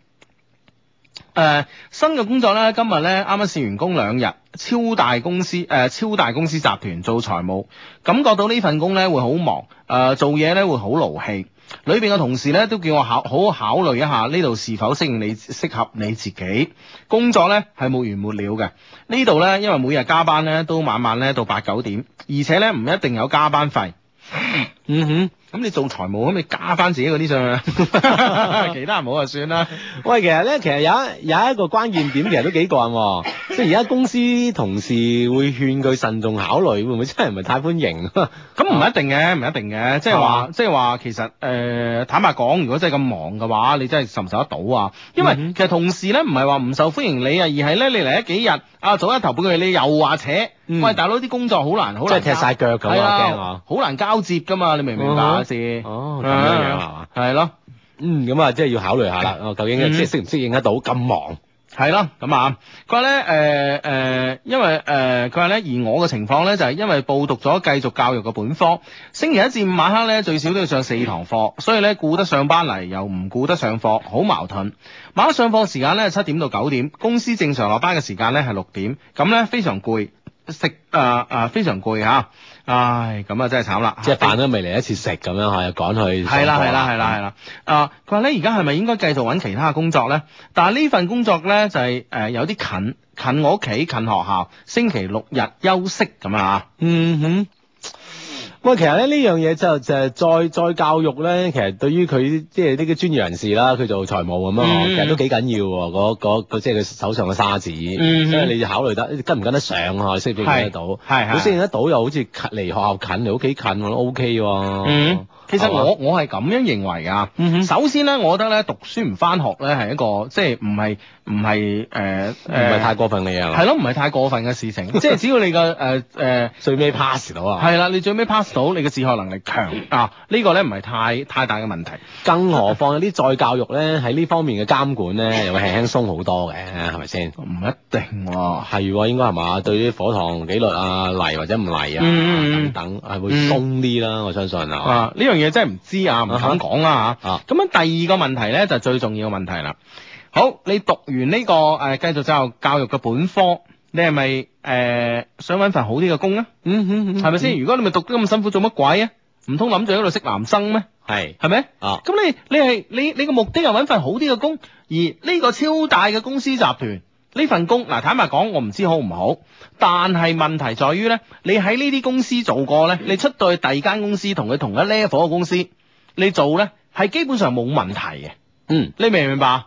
呃、新嘅工作咧今日咧啱啱試完工兩日，超大公司誒、呃、超大公司集團做財務，感覺到呢份工咧會好忙，誒、呃、做嘢咧會好勞氣。裏邊嘅同事咧，都叫我考好好考慮一下呢度是否適應你適合你自己，工作咧係沒完沒了嘅，呢度咧，因為每日加班咧都晚晚咧到八九點，而且咧唔一定有加班費。 嗯哼。咁、嗯、你做財務可唔可以加翻自己嗰啲上去， 其他人冇啊算啦。喂，其實咧，其實有有一個關鍵點，其實都幾啱喎。即係而家公司同事會勸佢慎重考慮，會唔會真係唔係太歡迎？咁唔、啊、一定嘅，唔一定嘅，即係話，即係話，其實誒、呃、坦白講，如果真係咁忙嘅話，你真係受唔受得到啊？因為其實同事咧唔係話唔受歡迎你啊，而係咧你嚟咗幾日啊？早一頭半個月，你又話扯。喂，大佬啲工作好難，好難，踢晒腳咁啊，好難交接噶嘛？你明唔明白先？哦，咁嘅樣係嘛？係咯，嗯，咁啊，即係要考慮下啦。哦，究竟即係適唔適應得到咁忙？係咯，咁啊，佢話咧誒誒，因為誒佢話咧，而我嘅情況咧就係因為報讀咗繼續教育嘅本科，星期一至五晚黑咧最少都要上四堂課，所以咧顧得上班嚟又唔顧得上課，好矛盾。晚黑上課時間咧七點到九點，公司正常落班嘅時間咧係六點，咁咧非常攰。食啊啊、呃呃、非常攰嚇、啊，唉咁啊真係慘啦！即係飯都未嚟一次食咁樣嚇，又趕去。係啦，係啦，係啦，係啦。啊，佢話咧，而家係咪應該繼續揾其他工作咧？但係呢份工作咧就係、是、誒、呃、有啲近近我屋企近學校，星期六日休息咁啊。嗯哼。喂，其實咧呢樣嘢就就係再再教育咧，其實對於佢即係呢啲專業人士啦，佢做財務咁樣，mm hmm. 其實都幾緊要喎。嗰嗰即係佢手上嘅沙紙，mm hmm. 所以你要考慮得跟唔跟得上啊？識唔識得到？係係，佢識得到又好似嚟學校近，嚟屋企近我喎，O K 喎。嗯。OK 啊 mm hmm. 其實我我係咁樣認為㗎，首先咧，我覺得咧讀書唔返學咧係一個即係唔係唔係誒誒唔係太過分嘅嘢，係咯，唔係太過分嘅事情，即係只要你個誒誒最尾 pass 到啊，係啦，你最尾 pass 到，你嘅自學能力強啊，呢個咧唔係太太大嘅問題，更何況有啲再教育咧喺呢方面嘅監管咧又會輕鬆好多嘅，係咪先？唔一定喎，係喎，應該係嘛？對於課堂紀律啊，嚟或者唔嚟啊等等，係會鬆啲啦，我相信啊，呢樣嘢。嘢真係唔知啊，唔肯講啦吓。咁、huh. 樣、uh huh. 第二個問題呢，就係、最重要嘅問題啦。好，你讀完呢、這個誒，繼、呃、續之教育嘅本科，你係咪誒想搵份好啲嘅工啊？嗯嗯係咪先？如果你咪讀得咁辛苦，做乜鬼啊？唔通諗住喺度識男生咩？係，係咪？啊，咁你你係你你個目的係搵份好啲嘅工，而呢個超大嘅公司集團呢份工，嗱，坦白講，我唔知好唔好。但係問題在於咧，你喺呢啲公司做過咧，你出到去第二間公司同佢同一 level 嘅公司，你做咧係基本上冇問題嘅。嗯，你明唔明白？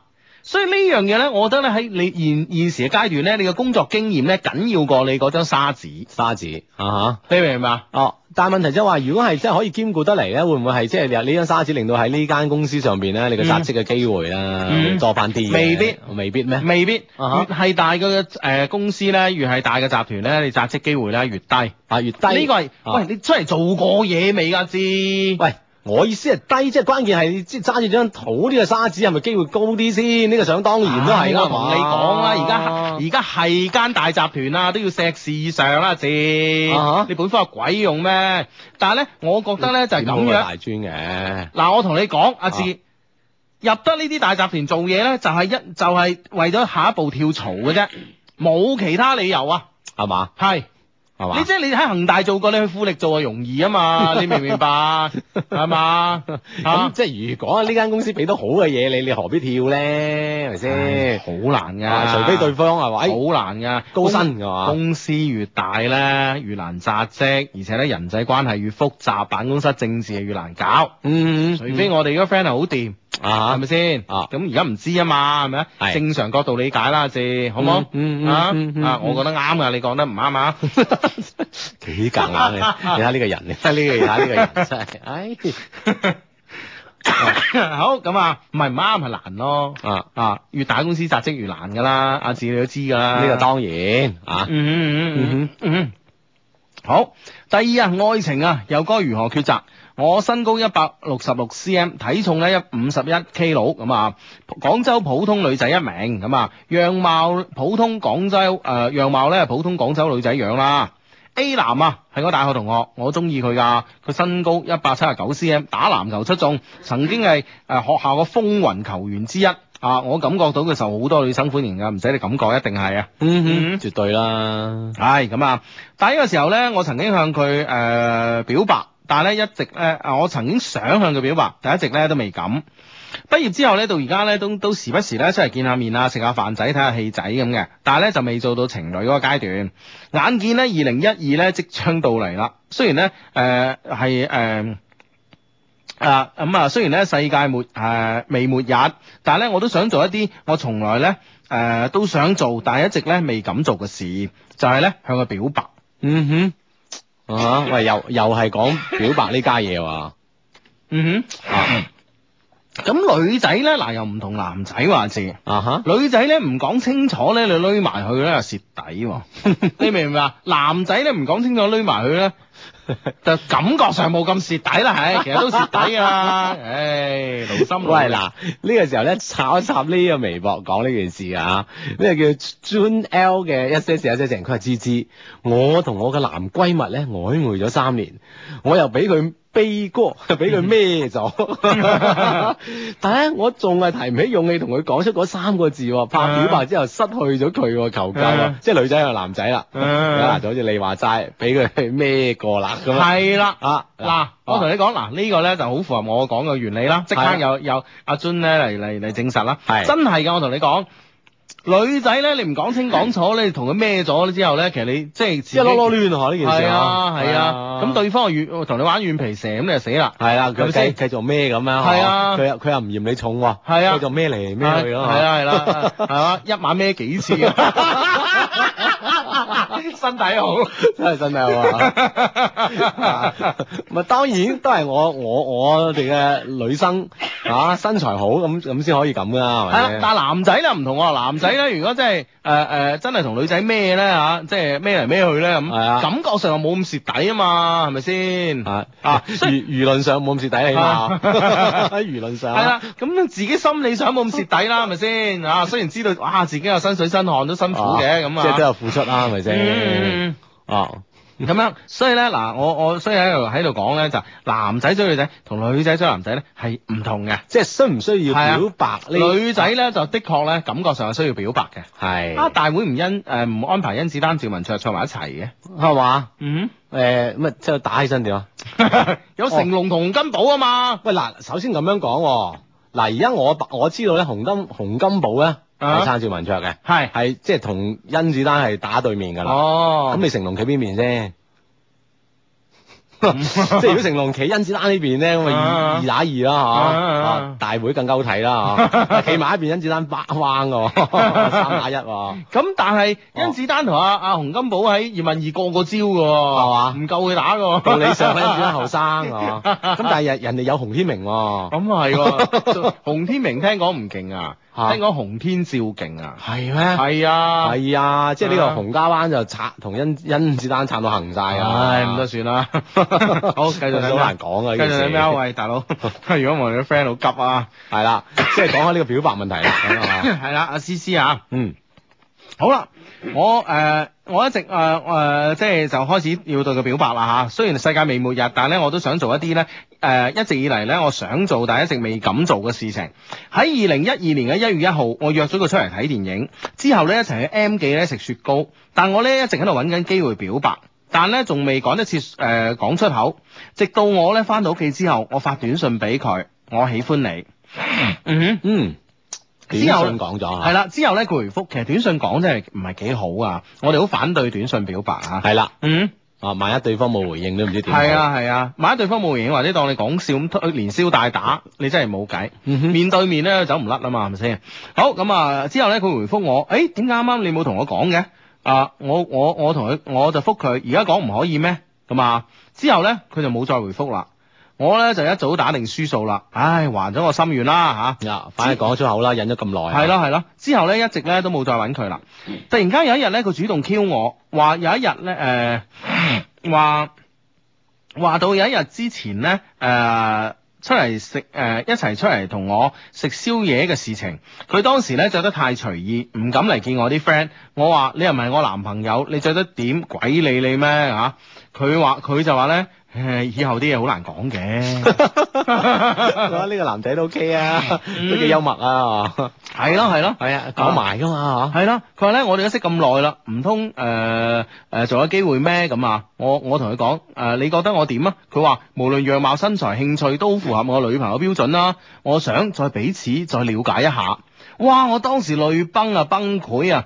所以呢樣嘢咧，我覺得咧喺你現現時嘅階段咧，你嘅工作經驗咧緊要過你嗰張砂紙。砂紙，啊哈，你明嘛？哦，但問題即係話，如果係真係可以兼顧得嚟咧，會唔會係即係你你張砂紙令到喺呢間公司上邊咧，你嘅扎職嘅機會咧、嗯嗯、多翻啲？未必，未必咩？未必，啊、哈越係大嘅誒公司咧，越係大嘅集團咧，你扎職機會咧越低啊，越低。呢、啊、個係喂，你出嚟做過嘢未啊？知？喂。我意思係低，即係關鍵係，即係揸住張土呢嘅沙紙，係咪機會高啲先？呢、這個想當然都係啦。同、啊、你講啦，而家而家係間大集團啦，都要碩士以上啦，阿志。啊、你本科有鬼用咩？但係咧，我覺得咧你就係咁樣。麼麼大專嘅嗱，我同你講，阿志、啊、入得呢啲大集團做嘢咧，就係、是、一就係、是、為咗下一步跳槽嘅啫，冇其他理由啊。係嘛、啊？係。係嘛？你即係你喺恒大做過，你去富力做啊容易啊嘛？ 你明唔明白？係嘛？咁即係如果呢間公司俾到好嘅嘢你，你何必跳咧？係咪先？好、嗯、難噶、啊，除非對方係咪？好、哎、難噶，高薪噶嘛？公司越大咧，越難扎職，而且咧，人際關係越複雜，辦公室政治越難搞。嗯，嗯除非我哋嗰個 friend 係好掂。啊，係咪先？啊，咁而家唔知啊嘛，係咪？正常角度理解啦，阿志，好唔好？嗯嗯，嗯，嗯啊嗯嗯嗯啊，我覺得啱噶，你講得唔啱 啊？幾夾硬嘅，你睇下呢個人，你睇呢個人，睇呢個人，真係，唉。好，咁啊，唔係唔啱係難咯。啊啊，越大公司扎職越難噶啦，阿、啊、志你都知噶啦。呢個當然啊。嗯嗯嗯嗯嗯。好，第二啊，愛情啊，又該如何抉擇？我身高一百六十六 cm，體重咧一五十一 kg 咁啊！廣州普通女仔一名咁啊，樣貌普通廣州誒、呃、樣貌咧，普通廣州女仔樣啦。A 男啊，係我大學同學，我中意佢噶。佢身高一百七十九 cm，打籃球出眾，曾經係誒、呃、學校嘅風雲球員之一啊！我感覺到佢受好多女生歡迎噶，唔使你感覺，一定係啊！嗯哼，絕對啦。唉、哎，咁啊！但呢個時候呢，我曾經向佢誒、呃、表白。但係咧，一直咧，我曾經想向佢表白，但一直咧都未敢。畢業之後咧，到而家咧，都都時不時咧出嚟見下面啊，食下飯仔，睇下戲仔咁嘅。但係咧，就未做到情侶嗰個階段。眼見咧，二零一二咧即將到嚟啦。雖然咧，誒係誒啊咁啊，雖然咧世界沒誒、呃、未末日，但係咧，我都想做一啲我從來咧誒、呃、都想做，但係一直咧未敢做嘅事，就係、是、咧向佢表白。嗯哼。啊，uh、huh，喂，又又係講表白呢家嘢，話，嗯哼，咁女仔咧嗱，又唔同男仔話事啊，吓，女仔咧唔講清楚咧，你匿埋佢咧又蝕底、啊， 你明唔明啊？ 男仔咧唔講清楚匿埋佢咧。就 感覺上冇咁蝕底啦，嘿，其實都蝕底噶，唉、 哎，良心。喂，嗱呢、呢個時候咧，插一插呢個微博講呢件事啊，呢個叫 June L 嘅一些事一些情，佢話芝芝，我同我嘅男閨蜜咧曖昧咗三年，我又俾佢。 悲鍋就俾佢孭咗， 但係咧我仲係提唔起勇氣同佢講出嗰三個字，怕表白之後失去咗佢求救， 即係女仔又男仔啦，嗱就好似你話齋俾佢孭過啦咁，係啦啊嗱，我同你講嗱呢個咧就好符合我講嘅原理啦，即、啊、刻有有阿 Jun 咧嚟嚟嚟證實啦，係的真係噶我同你講。女仔咧，你唔講清講楚咧，你同佢孭咗之後咧，其實你即係一囉囉攣呢件事啊，係啊，咁對方同你玩軟皮蛇，咁你就死啦。係啦，咁死繼續孭咁樣。係啊，佢又佢又唔嫌你重喎。係啊，繼續孭嚟孭去咯。係啊係啦，係啊，一晚孭幾次啊？身體好，真係身體好啊！唔係當然都係我我我哋嘅女生嚇身材好咁咁先可以咁噶係咪？但係男仔咧唔同喎、啊，男仔咧如果真係誒誒真係同女仔咩咧嚇，即係咩嚟咩去咧咁，嗯啊、感覺上又冇咁蝕底啊嘛，係咪先？係啊，輿輿論上冇咁蝕底啊嘛、 啊，喺輿論上係啦，咁、啊、自己心理上冇咁蝕底啦，係咪心先、啊？嚇，雖然知道哇自己有身水身汗都辛苦嘅咁啊，啊，即係都有付出啦、啊，係咪先？啊啊嗯啊嗯嗯，哦，咁樣，所以咧，嗱，我我所以喺度喺度講咧，就是，男仔追女仔同女仔追男仔咧係唔同嘅，即係需唔需要表白呢？啊，女仔咧就的確咧感覺上係需要表白嘅。係啊，啊，大會唔因誒唔、呃、安排甄子丹、趙文卓坐埋一齊嘅，係嘛、嗯吧嗯？嗯、誒、呃，咁啊，即係打起身點啊？ 有成龍同金寶啊嘛？哦，喂，嗱，首先咁樣講，嗱，而家我我知道咧，洪金洪金寶咧。係參照文卓嘅，係係即係同甄子丹係打對面噶啦。哦，咁你成龍企邊邊先？即係如果成龍企甄子丹呢邊咧，咁咪二二打二咯嗬？哦，大會更加好睇啦嗬。企埋一邊甄子丹，八彎嘅三打一。咁但係甄子丹同阿阿洪金寶喺葉問二過過招嘅係嘛？唔夠佢打嘅。道理上，甄子丹後生係嘛？咁但係人人哋有洪天明。咁啊係。洪天明聽講唔勁啊。聽講洪天照勁啊，係咩嗎？係啊，係啊，啊即係呢個洪家灣就撐同甄甄子丹撐到行晒啊！唉、哎，咁都算啦。 好，繼繼續好難講啊，繼續啊、大佬哥？ 如果我哋嘅 friend 好急啊，係啦、啊，即係講下呢個表白問題啦，係嘛？係啦，阿思思啊，嗯。好啦，我誒、呃、我一直誒誒、呃呃、即係就開始要對佢表白啦，吓。雖然世界未末日，但咧我都想做一啲咧誒一直以嚟，咧我想做但係一直未敢做嘅事情。喺二零一二年嘅一月一號，我約咗佢出嚟睇電影，之後咧一齊去 M 記咧食雪糕。但我咧一直喺度揾緊機會表白，但咧仲未講得切誒講出口。直到我咧翻到屋企之後，我發短信俾佢，我喜歡你。嗯哼、mm-hmm. 嗯。之後短信講咗嚇，係啦。之後咧佢回覆，其實短信講真係唔係幾好啊！我哋好反對短信表白啊，係啦的，嗯，啊，萬一對方冇回應都唔知點。係啊係啊，萬一對方冇回應或者當你講笑咁，佢連消帶打，你真係冇計。嗯、哼面對面咧走唔甩啊嘛，係咪先？好咁啊，之後咧佢回覆我，誒點解啱啱你冇同我講嘅？啊，我我我同佢，我就覆佢，而家講唔可以咩？咁啊，之後咧佢就冇再回覆啦。我咧就一早打定輸數啦，唉，還咗我心願啦吓。啊，yeah, 反正講咗口啦，忍咗咁耐。係咯係咯，之後咧一直咧都冇再揾佢啦。突然間有一日咧，佢主動 Q 我，話有一日咧誒，話、呃、話到有一日之前咧誒、呃，出嚟食誒，一齊出嚟同我食宵夜嘅事情，佢當時咧着得太隨意，唔敢嚟見我啲 friend。我話你又唔係我男朋友，你着得點鬼理你咩吓？佢話佢就話咧。以後啲嘢好難講嘅、 啊。呢、這個男仔都 OK 啊，都幾幽默啊。係咯係咯，係啊，講埋噶嘛，吓。係咯，佢話咧，我哋都識咁耐啦，唔通誒誒仲有機會咩？咁啊，我我同佢講誒，你覺得我點啊？佢話無論樣貌、身材、興趣都符合我女朋友標準啦、啊。我想再彼此再了解一下。哇！我當時淚崩啊，崩潰啊！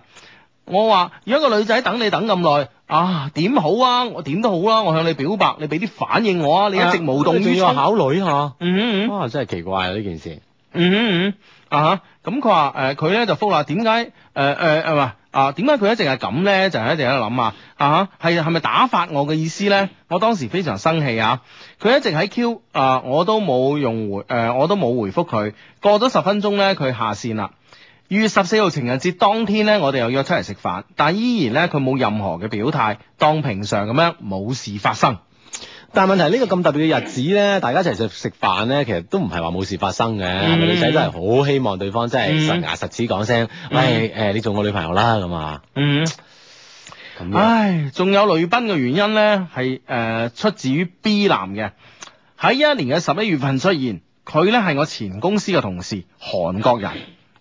我話如果個女仔等你等咁耐。啊，點好啊？我點都好啦、啊，我向你表白，你俾啲反應我啊！啊你一直無動於衷，要考慮吓嗯，啊，真係奇怪啊呢件事。嗯嗯啊哈，咁佢話誒，佢咧就復啦，點解誒誒誒話啊？點解佢一直係咁咧？就係一定喺度諗啊！啊，係係咪打發我嘅意思咧？我當時非常生氣啊！佢一直喺 Q 啊、呃，我都冇用回誒、呃，我都冇回覆佢。過咗十分鐘咧，佢下線啦。二月十四號情人節當天咧，我哋又約出嚟食飯，但依然咧佢冇任何嘅表態，當平常咁樣冇事發生。但問題呢、這個咁特別嘅日子咧，大家一齊食食飯咧，其實都唔係話冇事發生嘅。係咪、mm hmm. 女仔都係好希望對方真係實牙實齒講聲，喂誒、mm hmm. 呃，你做我女朋友啦咁啊。嗯，咁、mm hmm. 唉，仲有雷斌嘅原因咧，係誒、呃、出自於 B 男嘅喺一一年嘅十一月份出現，佢咧係我前公司嘅同事，韓國人。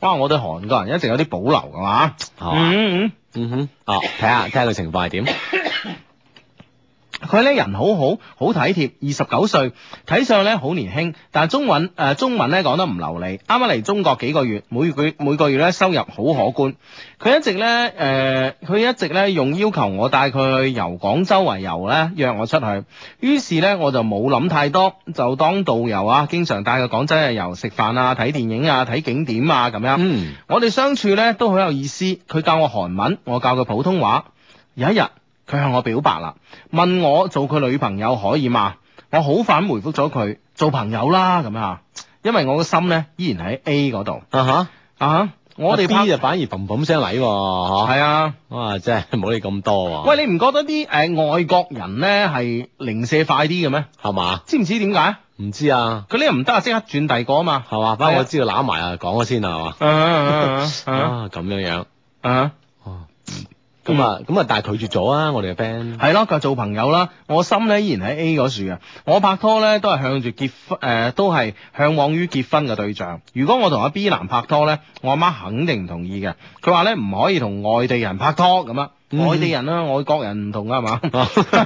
哇、哦！我對韓國人一直有啲保留嘅嘛，係嘛、啊？嗯嗯嗯哼，啊、哦，睇下睇下個情況係點。佢咧人好好，好體貼。二十九歲，睇上咧好年輕，但係中文誒、呃、中文咧講得唔流利。啱啱嚟中國幾個月，每個月每個月咧收入好可觀。佢一直咧誒，佢、呃、一直咧用要求我帶佢去遊廣州為由咧約我出去。於是咧我就冇諗太多，就當導遊啊，經常帶佢廣州遊，食飯啊，睇電影啊，睇景點啊咁樣。嗯，我哋相處咧都好有意思。佢教我韓文，我教佢普通話。有一日。佢向我表白啦，問我做佢女朋友可以嘛？我好快回復咗佢，做朋友啦咁啊，因為我個心咧依然喺 A 嗰度。啊哈啊我哋 B 就反而砰砰聲嚟，吓係啊，哇真係冇你咁多啊！喂，你唔覺得啲誒外國人咧係零舍快啲嘅咩？係嘛？知唔知點解？唔知啊？佢呢又唔得啊，即刻轉第二個啊嘛？係嘛？不過我知道攬埋啊，講咗先啊嘛。啊啊咁樣樣啊？咁啊，咁啊、嗯，嗯、但係拒絕咗啊，我哋嘅 friend。係咯，佢做朋友啦，我心咧依然喺 A 嗰處嘅。我拍拖咧都係向住結婚，誒、呃、都係向往於結婚嘅對象。如果我同阿 B 男拍拖咧，我阿媽肯定唔同意嘅。佢話咧唔可以同外地人拍拖咁啊，嗯、外地人啦，外國人唔同噶嘛。外國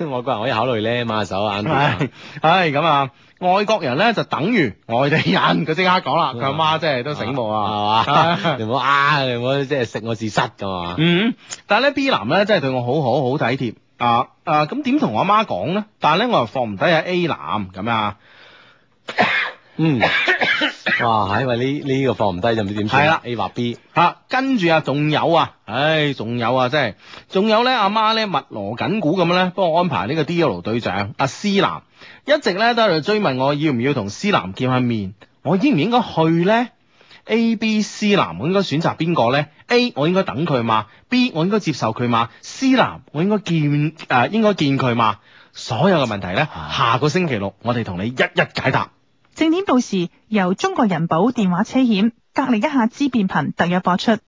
人可以考慮咧，嘛，手眼。係、 哎，咁、哎、啊。外國人咧就等於外地人，佢即刻講啦，佢阿媽真係都醒目啊，係嘛吧？ 你唔好啊，你唔好即係食我自失噶嘛。嗯，但係咧 B 男咧真係對我好好好體貼啊啊，咁點同我阿媽講咧？但係咧我又放唔低阿 A 男咁、嗯、啊。呃嗯， 哇，因、哎、喂，呢、這、呢個放唔低就唔知點算係啦。A 話 B 吓、啊，跟住啊，仲有啊，唉、哎，仲有啊，真係仲有咧。阿媽咧密鑼緊鼓咁樣咧，幫我安排呢個 D L 隊長阿思南一直咧都喺度追問我要唔要同思南見下面，我應唔應該去咧？A B 思南，我應該選擇邊個咧？A 我應該等佢嘛？B 我應該接受佢嘛？思南我應該見誒、呃、應該見佢嘛？所有嘅問題咧，下個星期六我哋同你一,一一解答。正點報時，由中國人保電話車險格力一下之變頻特約播出。